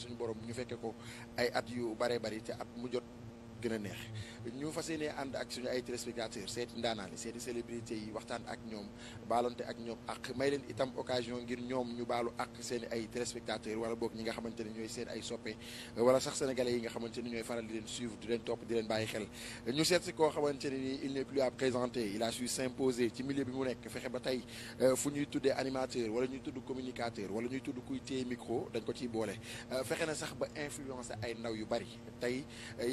suñu borom ñu fekke ko ay at yu bare bari te at mu jot gën a neex ñu fas yéene ànd ak suñu ay téléspectateurs seeti ndaanaan yi seeti célébrité yi waxtaan ak ñoom baalonte ak ñoom ak may leen itam occasion ngir ñoom ñu baalu ak seen ay téléspectateurs wala boog ñi nga xamante ne ñooy seen ay soppe wala sax sénégalais yi nga xamante ne ñooy faral di leen suivre di leen topp di leen bàyyi xel ñu seet si koo xamante ne nii il n'est plus à présenter il a s'imposer ci milieu bi mu nekk fexe ba tey euh, fu ñuy tuddee animateur wala ñuy tudd communicateur wala ñuy tudd kuy téye micro dañ ko ciy boole euh, fexe na sax ba influencer ay ndaw yu bari euh,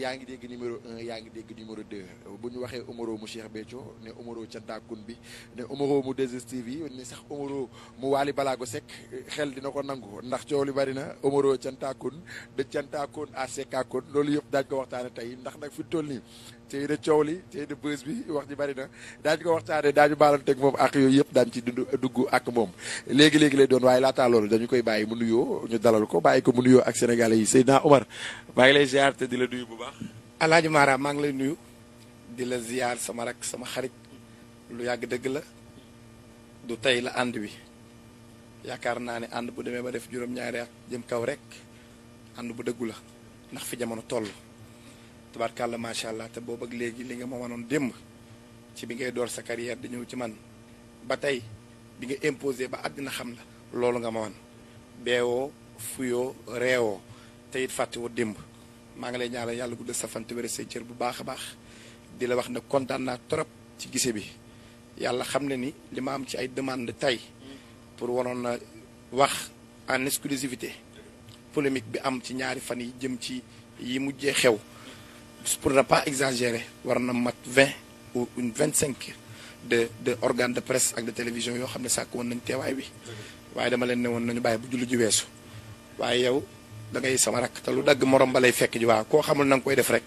numéro un yaa ngi dégg numéro deux bu ñu waxee Omaro mu Cheikh Béthio ne Omaro ca daakun bi ne Omaro mu 2STV yi ne sax Omaro mu Waly Balago Seck xel dina ko nangu ndax coow li bari na Omaro cantaakun de cantaakun à sekkaakun loolu yëpp daañu ko waxtaane tey ndax nag fi toll nii tey coow li tey de bës bi wax ji bari na daañu ko waxtaane daañu baalanteeg moom ak yooyu yëpp daañu ci dund dugg ak moom léegi-léegi lay doon waaye laataa loolu dañu koy bàyyi mu nuyoo ñu dalal ko bàyyi ko mu nuyoo ak sénégalais yi Seydina Omar maa lay di la nuyu bu baax Alaaji Mara maa ngi lay nuyu di la ziyaar sama rak sama xarit lu yàgg dëgg la du tey la ànd wi yaakaar naa ne ànd bu demee ba def juróom-ñaari at jëm kaw rek ànd bu dëggu la ndax fi jamono toll tabarkàlla macha allah te boobu ak léegi li nga ma mënoon démb ci bi ngay door sa carrière di ñëw ci man ba tey bi nga imposé ba àddina xam la loolu nga ma wan beewoo fuyoo reewoo te it fàttewoo démb maa ngi lay ñaanal yàlla guddal sa fante wér say cër bu baax a baax di la wax ne kontaan naa trop ci gise bi yàlla xam ne ni li ma am ci ay demande tey pour waroon na wax en exclusivité polémique bi am ci ñaari fan yi jëm ci yi mujjee xew pour na pas exagérer waroon na mat vingt ou vingt cinq de de organe de presse ak de télévision yoo xam ne sàkk woon nañ teewaay bi waaye dama leen ne woon nañu bàyyi bu julli ji weesu waaye yow da ngay sama rakk te lu dagg morom ba lay fekk ji waaw koo xamul na koy def rek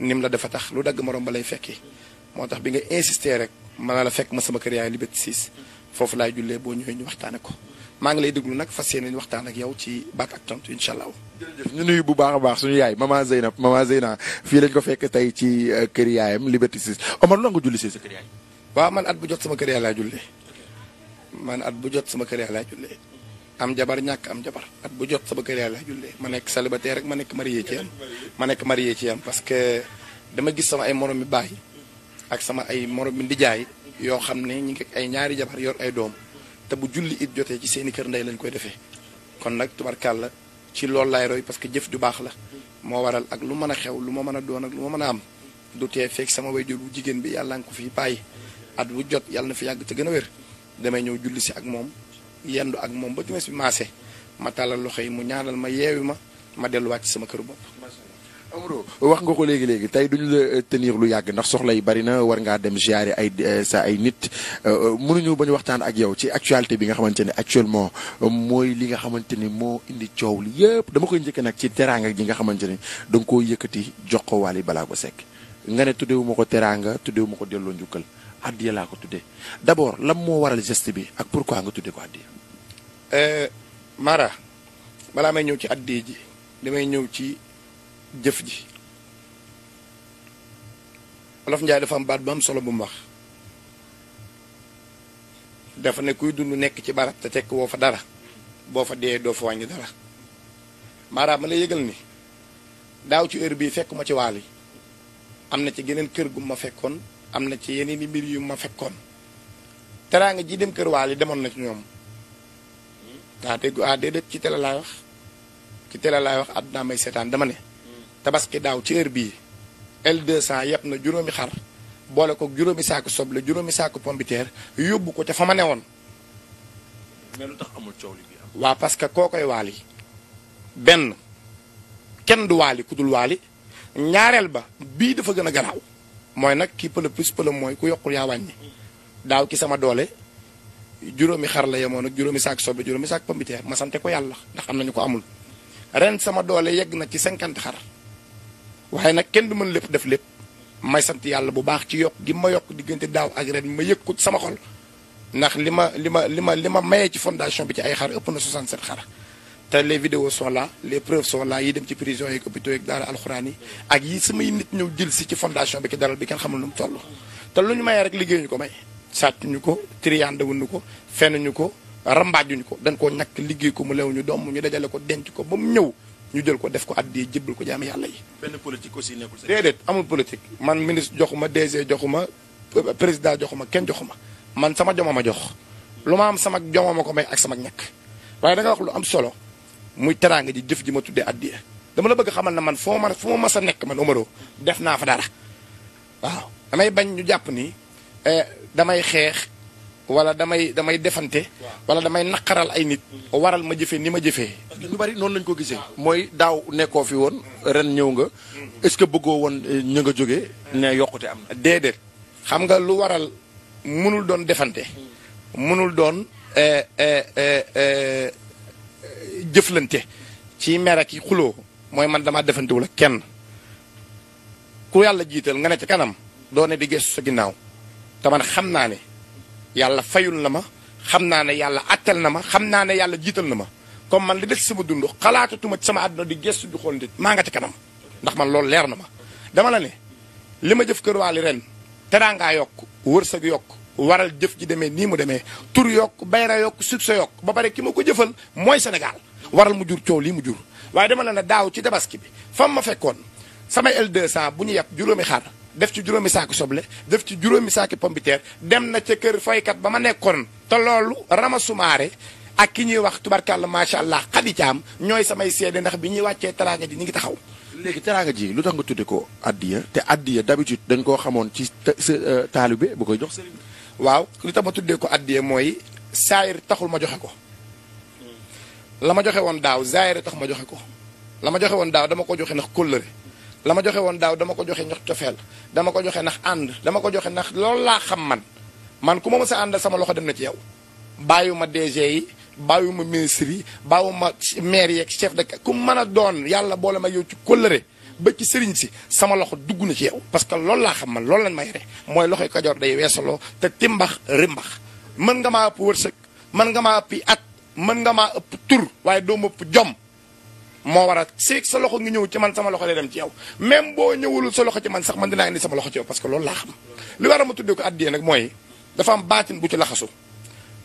nim la dafa tax lu dagg morom ba lay fekki moo tax bi nga insister rek mën na la fekk ma sama kër yaay Liberté 6 foofu laay jullee boo ñëwee ñu waxtaane ko maa ngi lay déglu nag fas yéene waxtaan ak yow ci baat ak tontu incha allah. jërëjëf ñu nuyu bu baax a baax suñu yaay maman Zeynab maman Zeyna fii lañ ko fekk tey ci euh, kër yaayam Liberté 6 Omar na nga julli si sa kër yaay. waaw at bu jot sama kër yaay laa jullee at bu jot sama kër yaay am jabar ñàkk am jabar at bu jot sama kër yàlla jullee ma nekk célibataire rek ma nekk marié ci yam ma nekk marié ci yam parce que dama gis sama ay morom mi baay ak sama ay morom mi ndijaay yoo xam ne ñu ngi ay ñaari jabar yor ay doom te bu julli it jotee ci seeni kër ndey lañ koy defee kon nag la ci loolu laay roy parce que jëf ju baax la moo waral ak lu mën a xew lu ma mën a doon ak lu ma mën a am du tee fekk sama wayjur bu jigéen bi yàlla nga fi bàyyi at bu jot yàlla na fi yàgg te gën a wér damay ñëw julli si ak moom yendu ak moom ba timis bi maase ma tàllal loxo yi mu ñaanal ma yeewi ma ma delluwaat ci sama këru bopp. wax nga ko léegi léegi tey duñu la euh, tenir lu yàgg ndax soxla yi bari na war ngaa dem ziare ay euh, sa ay nit euh, mënuñu bañ waxtaan ak yow ci actualité bi nga xamante ne actuellement mooy li nga xamante ni moo indi coow li yëpp dama koy njëkk nag ci teraanga ji nga xamante ni da nga koo yëkkati jox ko Wally Ballago Seck nga ne tuddewu ma ko teraanga tuddewu ma ko delloo njukkal. addiya laa ko tuddee d'abord lam moo waral geste bi ak pourquoi nga tuddee ko addiya. Euh, Mara balaa may ñëw ci addiya ji damay ñëw ci jëf ji Wolof Njaay dafa am baat bu am solo bu mu wax dafa ne kuy dund nekk ci barab te tekk woo fa dara boo fa dee doo fa wàññi dara Mara ma la yëgal ni daaw ci heure bii fekkuma ci waal yi am na ci geneen kër gu ma fekkoon. am na ci yenn i mbir yu ma fekkoon nga ji dem kër waal demoon na ci ñoom ah dégg ah ci télé laay wax ci télé laay wax àdduna may seetaan dama ne. tabaski daaw ci heure bii L200 yëpp na juróomi xar boole ko juróomi saako soble juróomi saako pombiteer yóbbu ko ca fa ma ne woon lu tax amul coow li bi parce que koo koy waali benn kenn du waali ku dul waali ñaareel ba bii dafa gën a garaaw. mooy nag kii pëlëb plus pëlëb mooy ku yokku yaa wàññi daaw ki sama doole juróomi xar la yemoon ak juróomi saak soble juróomi saak pombiteer ma sante ko yàlla ndax am nañu ko amul ren sama doole yegg na ci cinquante xar waaye nag kenn du mën lépp def lépp may sant yàlla bu baax ci yokk gi ma yokk diggante daaw ak ren ma yëg ko sama xol ndax li ma li ma li ma li ma mayee ci fondation bi ci ay xar ëpp na 67 xar te les vidéos sont là les preuves sont yi dem ci prison yeeg hôpitaux yeeg daara alxuraan yi ak yi samay nit ñëw jël si ci fondation bi ki daral bi kenn xamul nu mu toll te lu ñu mayee rek liggéey ñu ko may sàccuñu ko triyandewuñu ko fenuñu ko rambaajuñu ko dañ koo ñàkk liggéey ko mu lew ñu doom ñu dajale ko denc ko ba mu ñëw ñu jël ko def ko addee jébbal ko jaam yàlla yi. benn politique aussi nekkul déedéet amul politique man ministre joxuma DG joxuma président joxuma kenn joxuma man sama jomama jox lu ma am sama jomama ko may ak sama ñàkk waaye da lu am solo muy teraanga ji jëf ji ma tuddee addiya dama la bëgg xamal ne man foo ma fu ma mas a nekk man Omaro def naa fa dara waaw damay bañ ñu jàpp ni eh, damay xeex wala damay damay defante wala damay naqaral ay nit waral ma jëfe ni ma jëfee ñu bari noonu lañ ko gisee mooy daaw nekkoo fi woon ren ñëw nga est-ce que bëggoo woon eh, ñu nga jógee ne yokkute am na déedéet xam nga lu waral mënul doon defante mënul doon eh, jëflante ci mer yi xuloo mooy man damaa defantewul kenn ku yàlla jiital nga ne ca kanam doone di gëstu sa ginnaaw te man xam naa ne yàlla fayul na ma xam naa ne yàlla attel na ma xam naa ne yàlla jiital na ma comme man li des sama dund xalaatatuma ci sama àdduna di gëstu di xool maa nga ca kanam ndax man loolu leer na ma dama la ne li ma jëf kër waali ren teraangaa yokk wërsëg yokk waral jëf ji demee nii mu demee tur yokk bayra yokk succès yokk ba pare ki ma ko jëfal mooy Sénégal waral mu jur coow lii mu jur waaye dama na ne daaw ci tabaski bi fam ma fekkoon sama L200 bu ñu yàpp juróomi xar def ci juróomi saaki soble def ci juróomi saaki pompiteer dem na ca kër faykat ba ma nekkoon te loolu rama sumaare ak ki ñuy wax tubarkàlla macha allah xadi caam ñooy samay seede ndax bi ñuy wàccee teraanga ji ñu ngi taxaw léegi teraanga ji lu tax nga tudde ko addiya te addiya d'habitude dañ koo xamoon ci euh, taalibe bu koy jox sëriñ waaw li tax ma tuddee ko addiyee mooy saayir taxul ma joxe ko la ma joxe woon daaw zaayir tax ma joxe ko la ma joxe woon daaw dama ko joxe ndax kóllëre la ma joxe woon daaw dama ko joxe ñox cofeel dama ko joxe ndax ànd dama ko joxe ndax loolu laa xam man man ku ma mës a sama loxo dem na ci yow bàyyuma DG yi bàyyuma ministre yi bàyyuma maire yeeg chef de ku mën a doon yàlla boole ma yow ci kóllëre ba ci sëriñ si sama loxo dugg na ci yow parce que loolu laa xam man loolu lañ ma yore mooy loxoy kajoor day weesaloo te timbax rimbax mën nga maa ëpp wërsëg mën nga maa ëpp at mën nga maa ëpp tur waaye doo ma ëpp jom moo war a seeg sa loxo ngi ñëw ci man sama loxo day dem ci yow même boo ñëwul sa loxo ci man sax man dinaa indi sama loxo ci yow parce que loolu laa xam li war a ma tuddee ko addiyee nag mooy dafa am baatin bu ci laxasu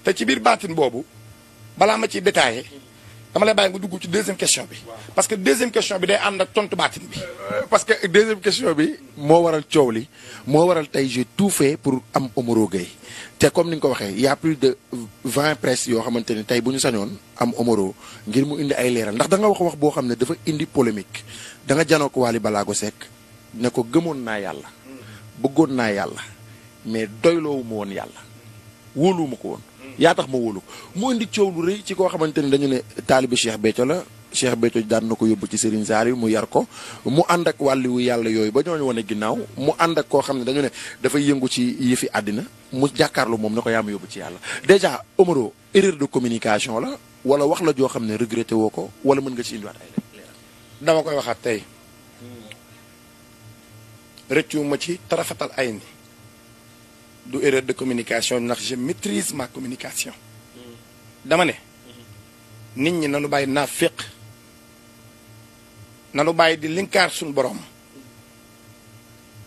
te ci biir baatin boobu dama lay bàyyi nga dugg ci deuxième question bi parce que deuxième question bi day ànd ak tontu baatin bi. parce que deuxième question bi moo waral coow li moo waral tey j'ai tout fait pour am Omaro Gueye te comme ni nga ko waxee y' plus de vingt presse yoo xamante ne tey bu ñu sañoon am Omaro ngir mu indi ay leeral ndax danga nga wax wax boo xam ne dafa indi polémique danga nga janoo ko Waly Balago Seck ne ko gëmoon naa yàlla bëggoon naa yàlla mais doyloowu ma woon yàlla wóoluwuma ko yaa tax ma wóolu ko mu indi coow lu rëy ci koo xamante ni dañu ne taalibi Cheikh Béthio la Cheikh Béthio daan na ko yóbbu ci Serigne Saliou mu yar ko mu ànd ak wàlliwu yàlla yooyu ba ñooñu wane ginnaaw mu ànd ak koo xam ne dañu ne dafay yëngu ci yëfi àddina mu jàkkaarlu moom na ko yaa yóbbu ci yàlla dèjà Omaro erreur de communication la wala wax la joo xam ne regretté woo ko wala mën nga ci indiwaat ay dama koy waxaat tey rëccu ma ci tarafatal ay ni du erreur de communication ndax je maîtrise ma communication. dama ne. nit ñi nanu bàyyi naa féq nanu bàyyi di linkaar suñ boroom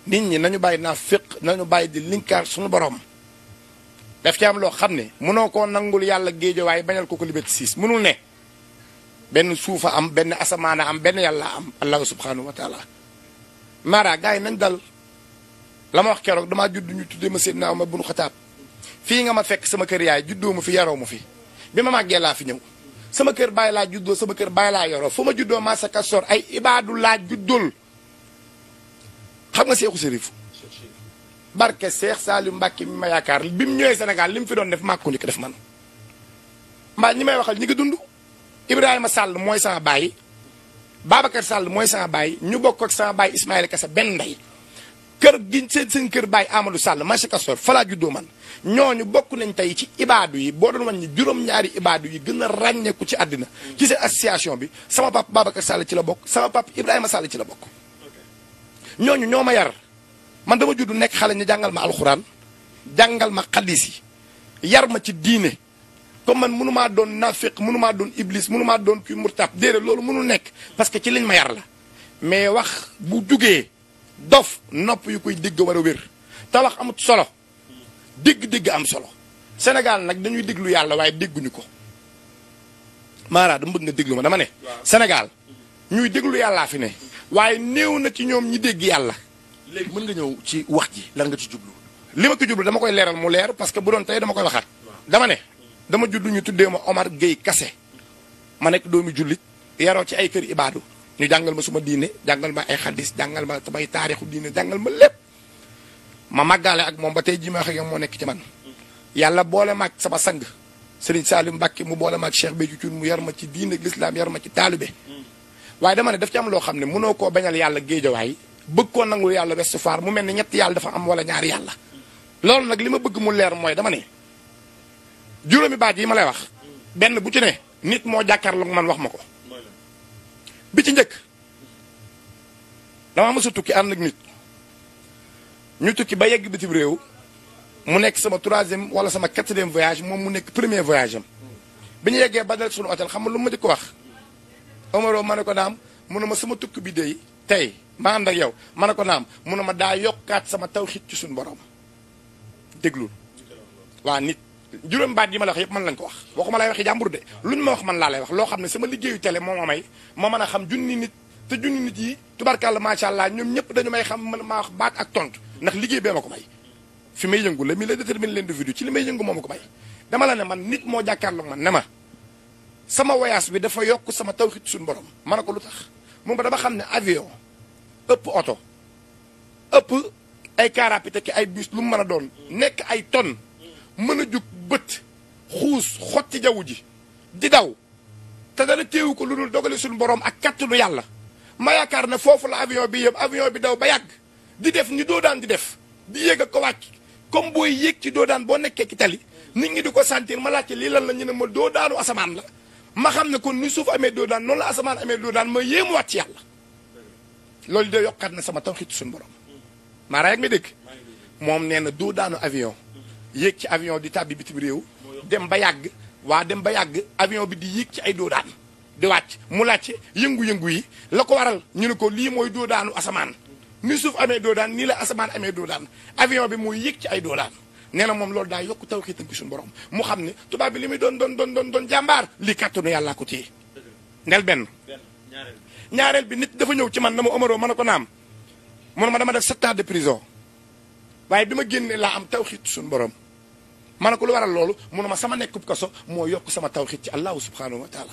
nit ñi nañu bàyyi naa féq nañu bàyyi di linkaar suñu boroom daf ci am loo xam ne mënoo koo nangul yàlla waaye bañal ko ko Liberté 6 mënul ne benn suuf am benn asamaana am benn yàlla am allahu subhanahu wa taala. Mara nañ dal. la ma wax keroog damaa judd ñu tuddee ma Seydina Omar bunu Xataab fii nga ma fekk sama kër yaay juddoo ma fi yaroo ma fi bi ma màggee laa fi ñëw sama kër bàyyi laa juddoo sama kër bàyyi laa yoroo fu ma juddoo Masaka Sor ay ibaadu laa juddul xam nga Seexu Sërif barke Seex Saaliu Mbàkke mi ma yaakaar bi mu ñëwee Sénégal li mu fi doon def màkku ni ko def man mbaa ñi may waxal ñi ngi dund Ibrahima sàll mooy sama baay Babacar Sall mooy sama baay ñu bokk ak sama baay Ismaïla benn ndey kër gi seen seen kër bàyyi Amadou Sall marché Castor fa laa juddoo man ñooñu bokk nañ tey ci ibaadu yi boo doon wàññi juróom-ñaari ibaadu yi gën a ràññeeku ci àddina ci seen association bi sama papa Babacar Sall ci la bokk sama papa Ibrahima Sall ci la bokk ñooñu ñoo ma yar man dama juddu nekk xale ñu jàngal ma alxuraan jàngal ma xadis yi yar ma ci diine comme man mënu maa doon nafiq mënu maa doon iblis mënu maa doon kuy murtab déedéet loolu mënul nekk parce que ci liñ ma yar la mais wax bu jugee dof nopp yu koy dégg war a wér talax amut solo dégg-dégg am solo senegal nag dañuy déglu yàlla waaye dégguñu ko maara dama bëgg nga déglu ma dama ne Sénégal ñuy déglu yàllaa fi ne waaye néew na ci ñoom ñi dégg yàlla léegi mën nga ñëw ci wax ji lan nga ci jublu li ma ko jublu koy leeral mu leer parce que bu doon tey dama koy waxaat dama ne dama juddu ñu tuddee ma Omar géey kase ma nekk doomi jullit yaroo ci ay kër ibaadu ñu jàngal ma suma diine jàngal ma ay xadis jàngal ma samay taarixu diine jàngal ma lépp ma màggaale ak moom ba tey jii ma wax moo nekk ci man yàlla boole maag sama sang Serigne Salim Mbacke mu boole maag Cheikh Béthio Thioune mu yar ma ci diine ak lislaam yar ma ci taalibe waaye dama ne daf ci am loo xam ne mënoo koo bañal yàlla géejawaay bëgg koo nangul yàlla Ouest Foire mu mel ni ñetti yàlla dafa am wala ñaari yàlla loolu nag li ma bëgg mu leer mooy dama ne juróomi baat yi ma lay wax benn bu ci nit moo jàkkaarloog man wax ma ko bi ci njëkk damaa mës a tukki ànd ak nit ñu tukki ba yegg bitim réew mu nekk sama troisième wala sama quatrième voyage moom mu nekk premier voyage am bi ñu yeggee ba dal suñu hôtel xam nga lu ma di ko wax Omaro ma ne ko naam mu ne ma sama tukki bi dey tey ma ànd ak yow ma ne ko naam mu ne ma daa yokkaat sama tawxiit ci suñu borom déglul waa nit juróom baat yi ma la wax yëpp man lañ ko wax waxuma lay waxi jàmbur de luñ ma wax man laa lay wax loo xam ne sama liggéeyu télé moo ma may ma mën a xam junni nit te junni nit yi tubarkàlla macha allah ñoom ñëpp dañu may xam man maa wax baat ak ton ndax liggéey bee ma ko may fi may yëngu la mi la détermine l'individu ci li may yëngu moo ma ko may dama la ne man nit moo jàkkaarloog ma ne ma sama voyage bi dafa yokk sama tawxiit suñu borom man a ko lu tax moom ba dama xam ne avion ëpp oto ëpp ay car rapide ak ay bus lu mu mën a doon nekk ay tonnes mën a bët xuus xotti jaww ji di daw te dara téewu ko lu dul dogale suñu borom ak kattanu yàlla ma yaakaar ne foofu la avion bi yëpp avion bi daw ba yàgg di def ni doo daan di def di yéeg ak ko wàcc comme booy yéeg ci doo daan boo nekkee ki tali nit ñi di ko sentir ma laajte lii lan la ñu ne ma doo daanu asamaan la ma xam ne kon ni suuf amee doo daan noonu la asamaan amee doo daan ma yéemuwaat ci yàlla loolu de yokkaat na sama tawxiit suñu borom maa rek mi moom nee na doo daanu avion yéeg ci avion di tàbbi bitim réew dem ba yàgg waa dem ba yàgg avion bi di yéeg ci ay doodaan di wàcc mu laajte yëngu-yëngu yi la ko waral ñu ne ko lii mooy doodaanu asamaan ni suuf amee doodaan nii la asamaan amee doodaan avion bi mooy yéeg ci ay doodaan nee na moom loolu daa yokk taw xiitam ci suñu mu xam ne tubaab bi li muy doon doon doon doon doon jàmbaar li kàttanu yàllaa ko téye ndel benn ñaareel bi nit dafa ñëw ci man na ma Omaro man a ko naam mun ma dama def sept ans de prison waaye bi ma génnee laa am taw xiit suñu borom ma ne ko lu waral loolu ma sama nekkub kaso moo yokk sama tawxiit ci allahu subhanahu wa taala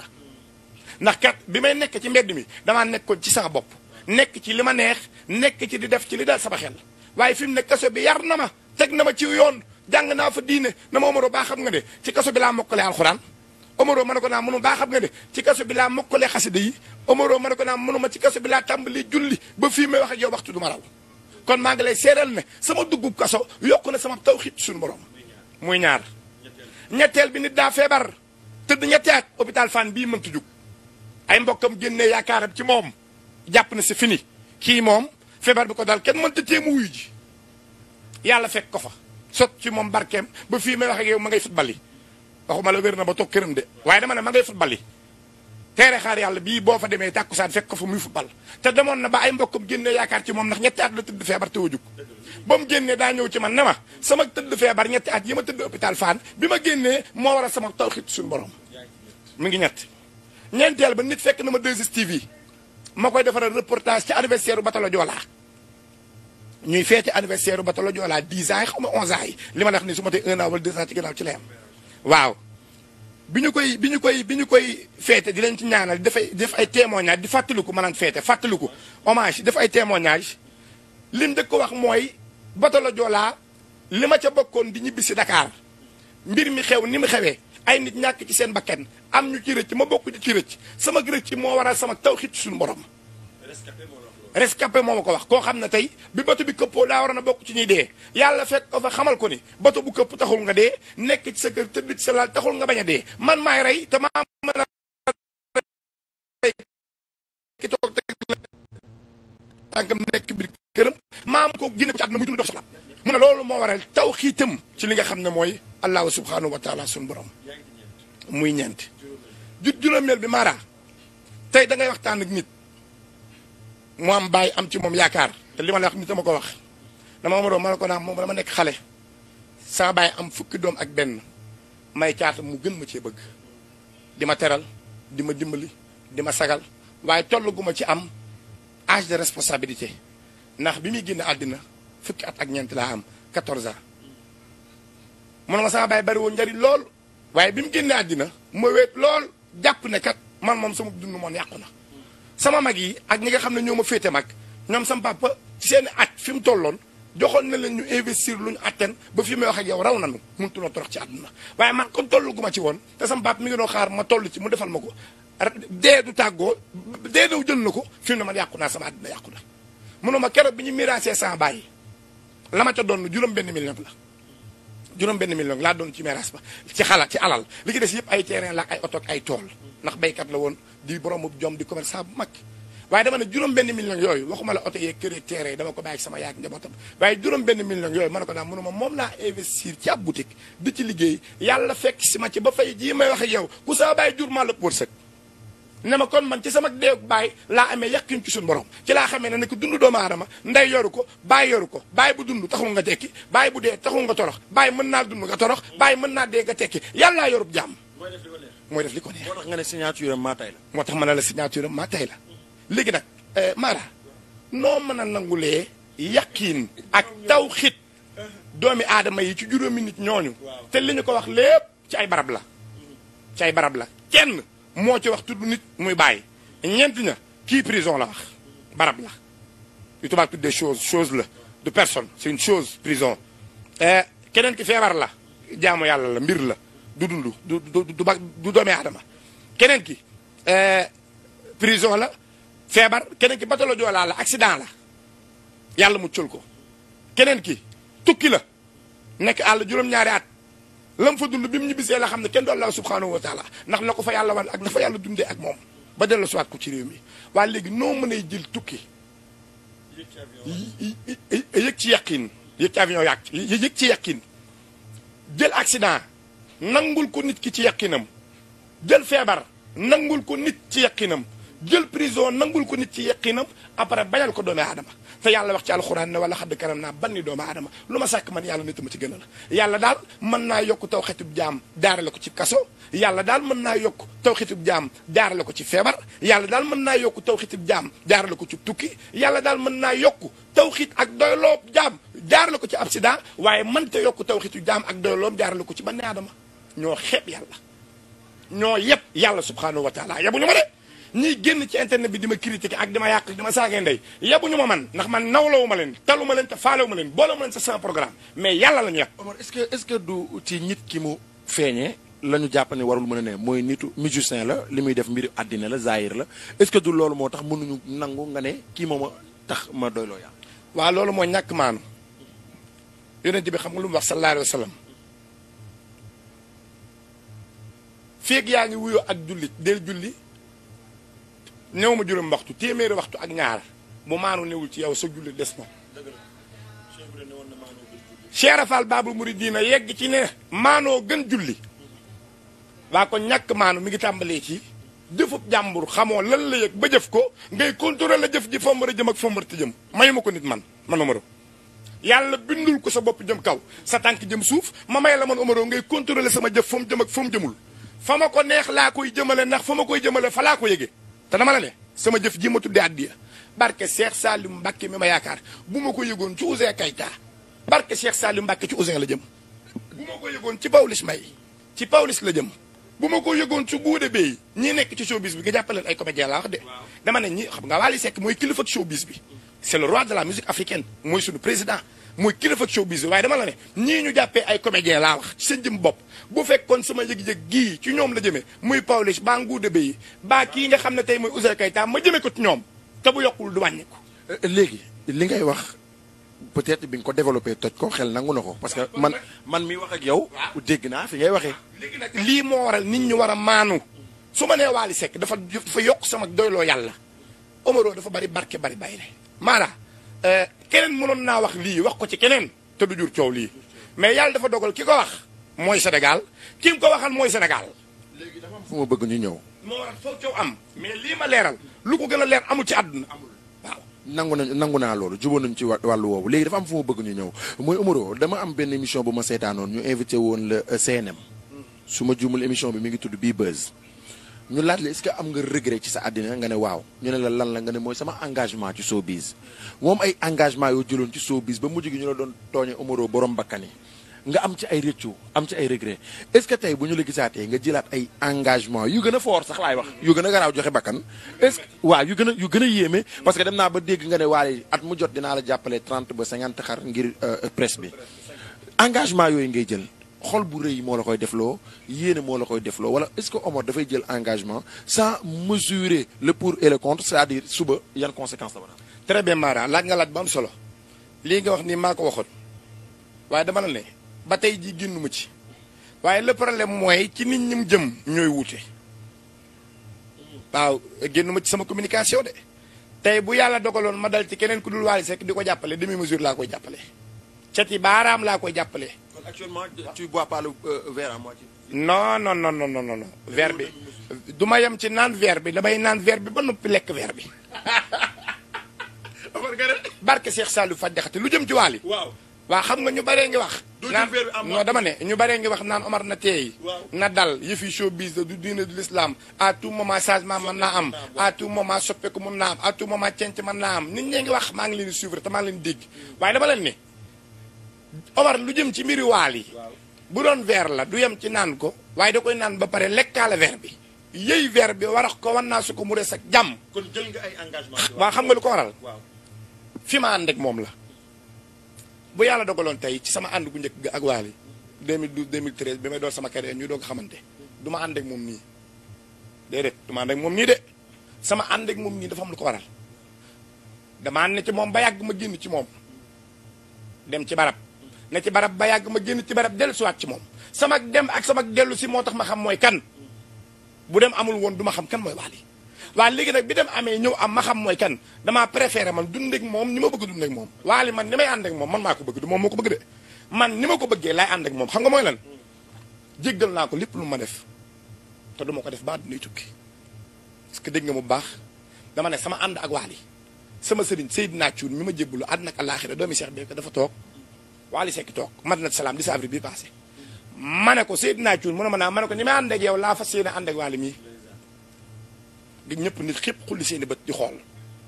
ndax kat bi may nekk ci mbedd mi damaa nekkoon ci sama bopp nekk ci li ma neex nekk ci di def ci li dal sama xel waaye fi mu ne kaso bi yar na ma teg na ma ci yoon jàng naa fa diine na ma Omaro baa xam nga ne ci kaso bi laa mokkalee alxuraan Omaro ma ne ko naa mënu baa xam nga ne ci kaso bi laa mokkalee xasida yi Omaro ma ne ko naa mënu ma ci kaso bi laa tàmbali julli ba fii may wax ak yow waxtu du ma raw kon maa ngi lay seeral ne sama dugub kaso yokk na sama tawxiit suñu borom muy ñaar ñetteel bi nit daa feebar tëdd ñetti at hôpital Fann bii mënta jug ay mbokkam génnee yaakaaram ci moom jàpp na si fini kii moom feebar bi ko daal kenn mënta téemu wuyu ji yàlla fekk ko fa sot ci moom barkeem ba fii may wax ak yow ma ngay football yi waxuma la wér na ba toog këram de waaye dama na ma ngay football teere xaar yàlla bii boo fa demee tàkkusaan fekk ko fa muy football te demoon na ba ay mbokkam génne yaakaar ci moom ndax ñetti at la tëdd feebar te wajug ba mu génnee daa ñëw ci man ne ma sama tëdd feebar ñetti at yi ma tëdd hôpital Fann bi ma génnee moo war a sama tawxiit suñu borom mu ngi ñett ñeenteel ba nit fekk na ma 2STV ma koy defaral reportage ci anniversaire u Batalo Joola ñuy feete anniversaire u Batalo Joola 10 ans yi xaw ma 11 an yi li ma la wax ni su ma tee 1 an wala 2 ans ci ci la waaw bi ñu koy bi ñu koy bi ñu koy feete di leen ci ñaanal di dafay def ay témoignage di fàttaliku maanaam feete fàttaliku hommage def ay témoignage lim dëkk ko wax mooy bato la li ma ca bokkoon di ñibbi si Dakar mbir mi xew ni mu xewee ay nit ñàkk ci seen bakken am ñu ci rëcc ma bokk ci rëcc sama rëcc moo waral sama tawxiit ci suñu borom rescapé moo ma ko wax koo xam ne tey bi bato bi këppoo daa war na bokk ci ñuy dee yàlla fekk ko fa xamal ko ni bato bu këpp taxul nga dee nekk ci sa kër tëdd ci sa laal taxul nga bañ a dee man maay rey te maa mën a rey ki toog këram maam ko ginne ci na mu dund dox soxla mu ne loolu moo waral taw xiitam ci li nga xam ne mooy allahu subhanahu wa suñu borom muy ñeent ju juróomeel bi maara tey da ngay waxtaan ak nit moo am bàyyi am ci moom yaakaar te li ma la wax nit ma ko wax dama ma doon ma ne ko naan moom dama nekk xale sama bàyyi am fukki doom ak benn may caata mu gën ma cee bëgg di ma teral di ma dimbali di ma sagal waaye toll gu ci am âge de responsabilité ndax bi muy génn àddina fukki at ak ñeent laa am 14 ans mu ne ma sama bàyyi bari njariñ lool waaye bi mu génn àddina ma wéet lool jàpp ne kat man moom sama dund moom yàqu na sama mag yi ak ñi nga xam ne ñoo ma féete mag ñoom sama papa ci seen at fi mu tolloon joxoon na leen ñu investir lu ñu atten ba fi may wax ak yow raw nañu mënutuloo torox ci àdduna waaye man kon tollu gu ma ci woon te sama papa mi ngi doon xaar ma tollu ci mu defal ma ko dee du tàggoo dee daw jël na ko fi mu ne man yàqu naa sama àdduna yàqu na munoo ma keroog bi ñu miraasee sama bàyyi la ma ca doon juróom benn million la juróom benn million laa doon ci miraas ba ci xalaat ci alal li ci des yëpp ay terrain la ay oto ay tool ndax béykat la woon di borom jom di commerçant bu mag waaye dama ne juróom benn million yooyu waxuma la oto yeeg kër yeeg terrain dama ko bàyyi sama yaag njabootam waaye juróom benn million yooyu ma ne ko daal mënuma moom laa investir ci ab boutique di ci liggéey yàlla fekk si ma ci ba fay jii may wax ak yow ku sama bàyyi jur maa la ne ma kon man ci sama deeg baay laa amee yàqin ci suñu borom ci laa xamee ne ne ko dund doomu aadama ndey yoru ko baay yoru ko baay bu dund taxul nga tekki baay bu dee taxul nga torox baay mën naa dund torox baay mën naa dee nga tekki yàllaa yorub jàmm mooy def li ko neex. moo tax nga la. moo tax ma ne la signature am tay la léegi nag eh, Mara noo mën a nangulee yaqiin ak tawxiit doomi aadama yi ci juróomi ñooñu. te li ñu ko wax lépp ci ay barab la. ci ay barab la kenn moo ci wax tudd nit muy bàyyi ñeent ña kii prison la wax barab la yu tubaab tuddee chose chose la de personne c'est une chose prison. Eh, keneen ki feebar la jaamu yàlla la mbir la. du dund du du du du doomi keneen ki eh, prison la feebar keneen ki batalo joolaa la accident la yàlla mu muccal ko keneen ki tukki la nekk àll juróom-ñaari at lam fa dund bi mu ñibbisee la xam ne kenn du Allah subhanahu wa taala ndax na ko fa yàlla wan ak dafa fa yàlla dundee ak moom ba delloo siwaat ko ci réew mi waaye léegi noo mënee jël tukki yëg ci yàqin yëg ci avion yàq yëg ci yàqin jël accident nangul ko nit ki ci yàqinam jël feebar nangul ko nit ci yàqinam jël prison nangul ko nit ci yàqinam après bañal ko doomi aadama te yàlla wax ci alxuraan ne wala xadd karam naa banni doomu adama lu ma sàkk man yàlla nit ma ci gëna la yàlla daal mën naa yokk taw xetub jaam jaarale ko ci kaso yàlla daal mën naa yokk taw xitib jaam jaarale ko ci feebar yàlla daal mën naa yokk taw xitib jaam jaarale ko ci tukki yàlla daal mën naa yokk taw xit ak doyloob jaam jaarale ko ci absida waaye mënta yokku taw xitu jaam ak doyloob jaarale ko ci banni aadama ñoo xeeb yàlla ñoo yëpp yàlla subhanahu wa taala yabu ñu ma de ñiy génn ci internet bi di ma critiquer ak di ma yàq di ma saagee ndey yabu ñu ma man ndax man nawlawu ma leen talu ma leen te faalewu ma leen boolewu ma leen sa sama programme mais yàlla la ñu yàq. du ci nit ki mu feeñee la ñu jàpp ne warul mën a ne mooy nitu musicien la li muy def mbir àddina la zaayir la est-ce que du loolu moo tax mënuñu nangu nga ne kii moom a tax ma doyloo yàlla. waaw loolu mooy ñàkk maanu yonent bi xam nga lu mu wax sallallahu alayhi feeg yaa ngi wuyoo ak jullit del julli néew ma juróom waxtu téeméeri waxtu ak ñaar bu maanu néwul ci yow sa julli des na cheerafal baabul muridina yegg ci ne maanoo gën julli waa ko ñàkk maanu mi ngi tàmbalee ci jëfub jàmbur xamoo lan la yëg ba jëf ko ngay contrôler la jëf ji fombar a jëm ak fombar te jëm may ma ko nit man man Omaro yàlla bindul ko sa bopp jëm kaw sa tànk jëm suuf ma may la man Omaro ngay contrôler sama jëf fu jëm ak fu jëmul fa ma ko neex laa koy jëmale ndax fa ma koy jëmale fa laa ko yëgee te ma la ne sama jëf ji ma tudde addiya barke Cheikh Salim Mbacke mi ma yaakaar bu ma ko yëgoon ci Ouzin Keita barke Cheikh Salim Mbacke ci Ouzin la jëm bu ko yëgoon ci Pawlish Mbaye ci Pawlish la jëm bu ma ko yëgoon ci Gouda Beye ñi nekk ci showbiz bi nga jàppaleen ay comédien laa wax de dama ne ñi xam nga Wally Seck mooy kilifa showbiz bi c'est le roi de la musique africaine mooy suñu président mooy kilifa showbiz bi waaye dama la ne ñii ñu jàppee ay laa wax ci jëm bopp bu fekkoon sama yëg-yëg gii ci ñoom la jëmee muy Pawlish baa Ngouda Beye baa kii nga xam ne tey muy Ouzin Keita ma jëmee ko ci ñoom te bu yokkul du wàññi ko. Euh, léegi li ngay wax peut-être bi nga ko développé toj ko xel nangu na ko parce que man man mi wax ak yow. dégg naa fi ngay waxee. léegi nag lii moo waral nit ñu war a maanu su ma nee Waly Seck dafa dafa yokk sama doyloo yàlla Omaro dafa bari barke bari bay de maanaam euh, keneen mënoon naa wax lii wax ko ci keneen te du jur coow lii mais yàlla dafa dogal ki ko wax. mooy Sénégal kim mu ko waxal mooy Sénégal. léegi fu ma bëgg ñu ñëw. moo waral foog coow am. mais lii ma leeral lu ko gën a leer amul ci àdduna amul waaw. nangu nañu nangu naa loolu jubóo nañu ci wàllu woowu léegi dafa am fu ma bëgg ñu ñëw mooy Omaro dama am benn émission bu ma seetaanoon ñu invité woon la euh, CNM. su ma juumul émission bi mi ngi tudd bii buzz. ñu laaj la est que am nga regret ci sa àddina nga ne waaw ñu ne la lan la nga ne mooy sama engagement ci showbiz moom ay engagement yoo jëloon ci showbiz ba mujj gi ñu la doon tooñe Omaro borom bakkan yi nga am ci ay rëccu am ci ay regret est-ce que tey bu ñu la gisaatee nga jëlaat ay engagement yu gën a fort sax laay wax yu gën a garaaw joxe bakkan est-ce que waaw yu gën a yu gën a yéeme parce que dem naa ba dégg nga ne waaye at mu jot dinaa la jàppale 30 ba 50 xar ngir euh, presse bi engagement yooyu ngay jël xol bu rëy moo la koy defloo yéene moo la koy defloo wala est-ce que Omar dafay jël engagement sans mesurer le pour et le contre dire suba yan conséquences la mën a am. très bien solo lii nga wax nii maa ko waxoon waaye dama ba tey ji génnuma ci waaye la problème mooy ci nit ñi mu jëm ñooy wuute waaw génnuma ci sama communication de tey bu yàlla dogaloon ma dal ci keneen ku dul Wally Seck di ko jàppale demi mesure laa koy jàppale cati baaraam laa ko jàppale. kon actuellement tu bois pas le euh, verre à moitié. non non non non non non verre du ma yem ci naan verre bi damay naan verre bi ba noppi lekk verre bi. barke Cheikh Saliou Fadiakhate lu jëm ci Wally. waaw. waa xam nga ñu baree ngi wax naan non dama ne ñu baree ngi wax naan Omar na teey na dal yëfi showbiz du diine du l'islam à tout moment changement mën naa am à tout soppeeku mën naa am à tout moment cenc am nit ñee ngi wax maa ngi leen di suivre te maa ngi leen di dégg waaye dama leen ne Omar lu jëm ci mbiri waal yi bu doon verre la du yem ci naan ko waaye da koy naan ba pare lekkaale verre bi yëy verre bi warax ko wan naa su ko mu des ak jàmm kon jël nga ay engagement waa xam nga lu ko waral fi ma ànd moom la bu yàlla dogaloon tey ci sama ànd gu njëkk ak Wally 2012 2013 bi may doon sama carrière ñu doog xamante du ma ànd ak moom nii déedéet du ma ànd ak moom nii de sama ànd ak moom nii dafa am lu ko waral dama ne ci moom ba yàgg ma génn ci moom dem ci barab ne ci barab ba yàgg ma génn ci barab dellu dellusiwaat ci moom sama dem ak sama dellu si moo tax ma xam mooy kan bu dem amul woon du ma xam kan mooy Wally waa léegi nag bi dem amee ñëw am ma xam mooy kan damaa préféré man dund ak moom ni ma bëgg dund moom waali man ni may ànd ak moom man maa ko bëgg du moom moo ko bëgg de man ni ma ko bëggee laay ànd mooy lan jéggal naa ko lépp lu ma def te duma ko def ba dinay tukki parce que dégg nga mu baax dama ne sama ànd ak waali sama sëriñ Seydina Thioune mi ma jébbalu àddina ak àllaaxira doomi Cheikh Béthio dafa toog waali sekki toog Madinatu Salaam di sa avril bii passé ma ne ko Seydina Thioune mu ne ma naa ma ne ko ni may ànd ak yow laa fas yéene ànd waali mii di ñëpp nit xépp xulli seen i bët di xool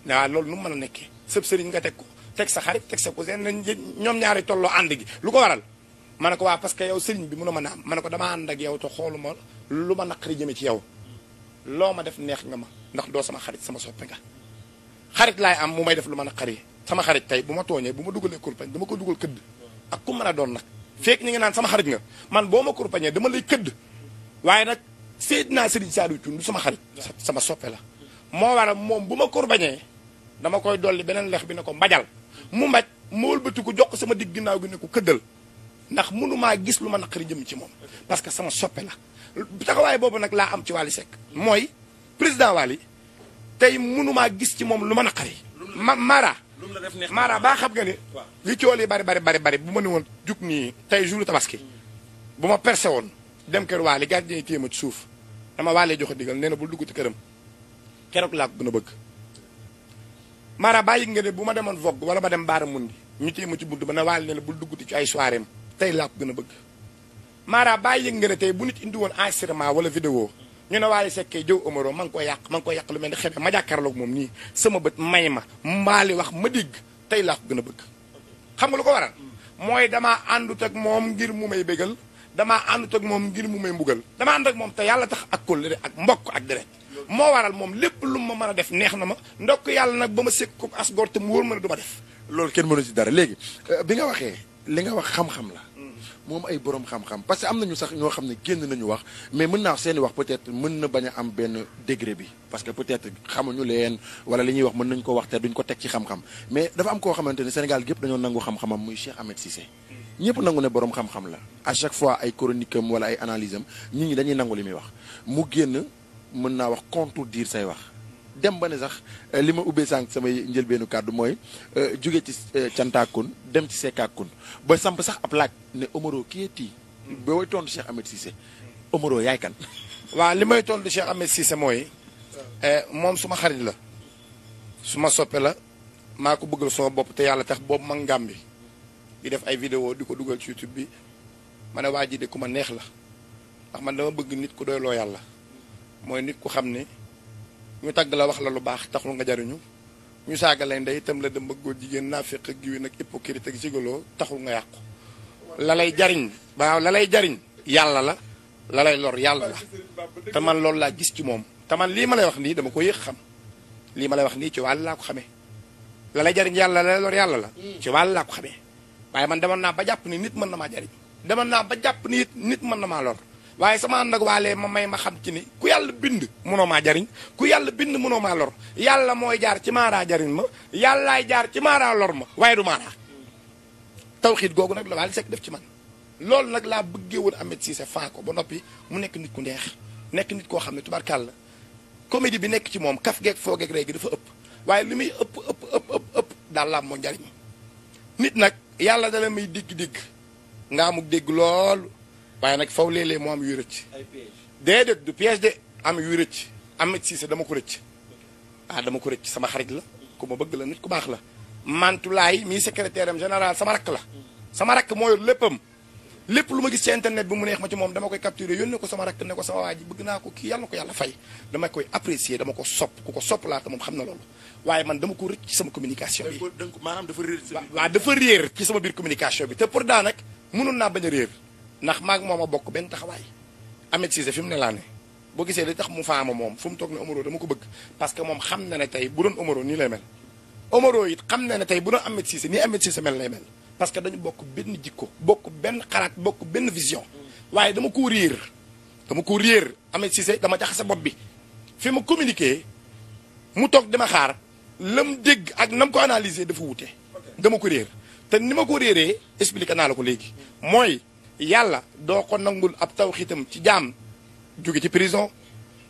waaw loolu nu mu mën a nekkee sëb sëriñ nga teg ko teg sa xarit teg sa cousin nañ ñoom ñaari tolloo ànd gi lu ko waral ma ne ko waa parce que yow sëriñ bi mënoo ma naam am ne ko damaa ànd ak yow te xooluma lu ma naqari jëme ci yow loo ma def neex nga ma ndax doo sama xarit sama soppe nga xarit laay am mu may def lu ma naqari sama xarit tey bu ma tooñee bu ma dugalee kurpañ dama ko dugal këdd ak ku mën a doon nag feek ñu ngi naan sama xarit nga man boo ma kurpañee dama lay këdd waaye nag Seydina Serigne Saliou Thioune du sama xarit sama soppe la moo war a moom bu ma korbañee dama koy dolli beneen lex bi ne ko mbajal mu mbaj ma wëlbatiku jox ko sama digg ginnaaw gi ne ko këddal ndax mënumaa gis lu ma naqari jëm ci moom parce que sama soppe la taxawaay boobu nag laa am ci Wally Seck mooy président Wally tey mënumaa gis ci moom lu ma naqari ma mara mara baa xam nga ne li cool yi bari bari bari bari bu ma ne woon jug nii tey jour tabaski bu ma percé woon dem kër waale gardien yi téye ma ci suuf dama waalee joxe digal nee na bul dugg ci këram keroog laa ko gën a bëgg maara bàyyi nga ne bu ma demoon vogue wala ma dem baara mundi ñu téye ma ci bunt ba ne waale ne la bul dugg ci ay soirée am tey laa ko gën a bëgg maara bàyyi nga ne tey bu nit indiwoon woon enregistrement wala vidéo ñu ne waale sekkee jëw Omaro ma ngi ko yàq ma ngi ko yàq lu mel ni xebe ma jàkkaarloog moom nii sama bët may ma mbaali wax ma dégg tey laa ko gën a bëgg xam nga lu ko waral mm. mooy damaa àndu ak moom ngir mu may bégal dama àndut ak moom ngir mu may mbugal damaa ànd ak moom te yàlla tax ak kóllëre ak mbokk ak deret moo waral moom lépp lu ma mën a def neex na ma ndokk yàlla nag ba ma sëkk ko as góor te mu wóor ma a du def loolu kenn mënu si dara léegi euh, bi nga waxee li nga wax xam-xam la moom ay borom xam-xam parce que am nañu sax ñoo xam ne génn nañu wax mais mën naa seeni wax peut mën na bañ a am benn degré bi parce que peut-être xamuñu leen wala li ñuy wax mën nañu ko wax te ko teg ci xam mais dafa am koo xamante ni Sénégal gépp dañoo nangu xam-xamam muy Cheikh Ahmed ñëpp nangu ne borom xam-xam la à chaque fois ay chronique am wala ay analyse am ñi dañuy nangu li muy wax mu génn mën naa wax contredire say wax dem ba ne sax euh, li ma ubbee sànq samay njëlbeenu kàddu mooy euh, jóge ci euh, cantaakun dem ci seekaakun ba samp sax ab laaj ne Omaro kii tii ba way tontu Cheikh Ahmed Cissé yaay kan. waaw li may tontu Cheikh Ahmed Cissé mooy moom suma xarit la su ma soppe la maa ko bëgg bëggal sama bopp te yàlla tax boobu ma ngàmbi di def ay vidéo di ko dugal ci YouTube bi ma ne waa ji de ku ma neex la ndax man dama bëgg nit ku doy loo yàlla mooy nit ku xam ne ñu tagg la wax la lu baax taxul nga jariñu ñu saaga lay ndey itam la dem ba góor jigéen naafeq ak giwin ak hypocrite ak gigolo taxul nga yàqu la lay jariñ waaw la lay jariñ yàlla la la lay lor yàlla la man loolu laa gis ci moom te man lii ma lay wax nii dama ko yéex xam lii ma lay wax nii ci wàll laa ko xamee la lay jariñ waaye man demoon naa ba jàpp ni nit mën na maa jariñ demoon naa ba jàpp ni nit mën na maa lor waaye sama ànd ak ma may ma xam ci ni ku yàlla bind mënoo maa jariñ ku yàlla bind mënoo maa lor yàlla mooy jaar ci maaraa jariñ ma yàllaay jaar ci maaraa lor ma waaye du maaraa tawxiit googu nag la Wally Seck def ci man loolu nag laa bëggee woon Ahmed Cissé faa ko ba noppi mu nekk nit ku neex nekk nit koo xam ne tubarkàlla comédie bi nekk ci moom kaf geeg foo geeg dafa ëpp waaye li muy ëpp ëpp ëpp njariñ nit yàlla dala may digg-digg nga amuk dégg lool waaye nag faw léeg-léeg mu am yuy rëcc déedéet du piège de am yuy rëcc am siise dama ko rëcc ah dama ko rëcc sama xarit la ku bëgg la nit ku baax la mantulaay mii secrétaire am général sama rakk la hmm. sama rakk moo yor léppam lépp lu ma gis ci internet bi mu neex ma ci moom dama koy capturer yónnee ko sama rakk ne ko sama waa bëgg naa ko kii yàlla na ko yàlla fay dama koy apprécier dama ko sopp ku ko sopp laa te moom xam na loolu waaye man ko rëcc ci sama communication bi maanaam biir communication bi te pour daa nag naa bañ a réer ndax maag moom a bokk benn taxawaay Ahmed Cissé fi mu ne laa ne boo gisee li tax mu faama moom fu mu toog ne Omaro dama ko bëgg parce que moom xam na ne tey bu doon Omaro nii lay mel Omaro it xam na ne tey bu doon Ahmed Cissé nii Ahmed Cissé lay mel parce que dañu bokk benn jikko bokk benn xalaat bokk benn vision waaye dama ko réer dama ko réer amee Cissé dama jaxase bopp bi fi ma communiqué mu toog dama xaar lam dégg ak nam ko analyser dafa wute dama ko réer te ni ma ko réeree expliqué naa la ko léegi mooy yàlla doo ko nangul ab taw xitam ci jaam jóge ci prison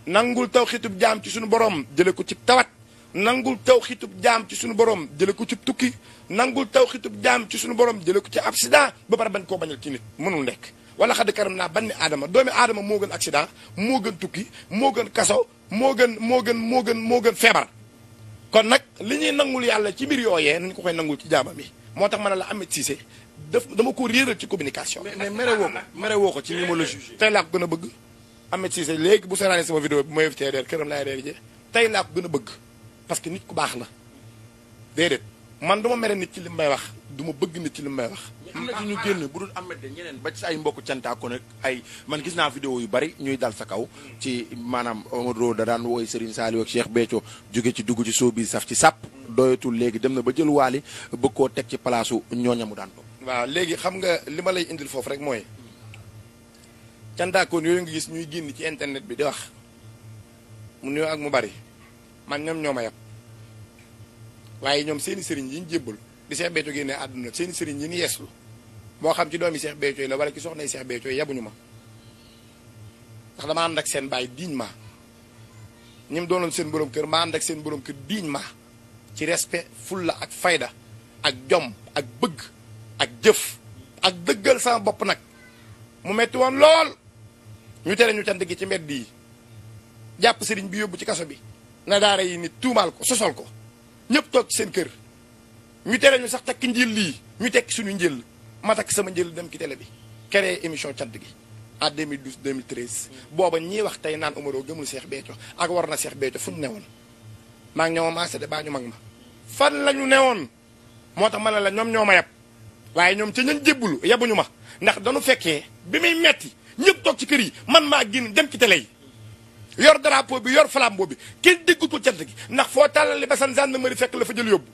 nangul taw xitub jaam ci suñu borom jële ko ci tawat nangul taw xitub jaam ci suñu borom jële ko ci tukki nangul taw xitub jaam ci suñu borom jële ko ci accident ba pare bañ koo bañal ci nit mënul nekk wala xadd karam naa ban ni aadama doomi aadama moo gën accident moo gën tukki moo gën kaso moo gën moo gën moo gën moo gën feebar kon nag li ñuy nangul yàlla ci mbir yooyee nañ ko koy nangul ci jaamam mi moo tax ma ne la Ahmed Cissé daf dama ko réeral ci communication mais mere woo ko mere woo ko ci numérologie tey laa ko gën a bëgg Ahmed Cissé bu seeraanee sama vidéo bi ma invité tey laa ko gën a bëgg parce que nit ku baax la déedéet man du ma mere nit ci li may wax du ma bëgg nit ci li may wax. am na ci ñu génn bu ñeneen ba ci sa ay mbokku cantaako nag ay man gis naa vidéo yu bari ñuy dal sa kaw. ci maanaam Omaro da daan woy Serigne Saliou ak Cheikh Béthio jóge ci dugg ci soo bi saf ci sàpp. doyatul léegi dem na ba jël waali bëgg koo teg ci palaasu ñooña mu daan ko. waaw léegi xam nga li ma lay indil foofu rek mooy cantaakoon yooyu nga gis ñuy génn ci internet bi di wax mu nuyoo ak mu bari. man ñoom ñoo ma yab waaye ñoom seeni sëriñ yi ñu jébbal bi Cheikh Béthio génne àdduna seeni sëriñ yi ñu yeeslu moo xam ci doomi Cheikh Béthio la wala ci soxnay Cheikh Béthio yabuñu ma ndax dama ànd ak seen baay diñ ma ñim doonoon seen borom kër ma ak seen borom kër diñ ma ci fulla ak fayda ak jom ak bëgg jëf ak dëggal sama bopp nag mu metti woon lool ñu tere ñu cant gi ci mbedd yi jàpp sëriñ bi yóbbu ci kaso bi na daara yi nit tuumaal ko sosol ko ñëpp toog seen kër ñu tere ñu sax takk njël lii ñu tekki suñu njël ma takk sama njël dem ci télé bi créé émission cadd gi à 2012 2013 booba ñii wax tey naan Omaro gëmul Cheikh Béthio ak war na seex Béthio fu ñu newoon maa ngi ñoo maase de baa ñu mag ma fan la ñu woon moo tax ma ne la ñoom ñoo ma yab waaye ñoom ca ñañ jébbulu yabuñu ma ndax dañu fekkee bi muy metti ñëpp toog ci kër yi man maa génn dem ci télé yi yor drapeau bi yor flambeau bi kenn déggutul cant gi ndax foo tàllali basan gendarmerie fekk la fa jël yóbbu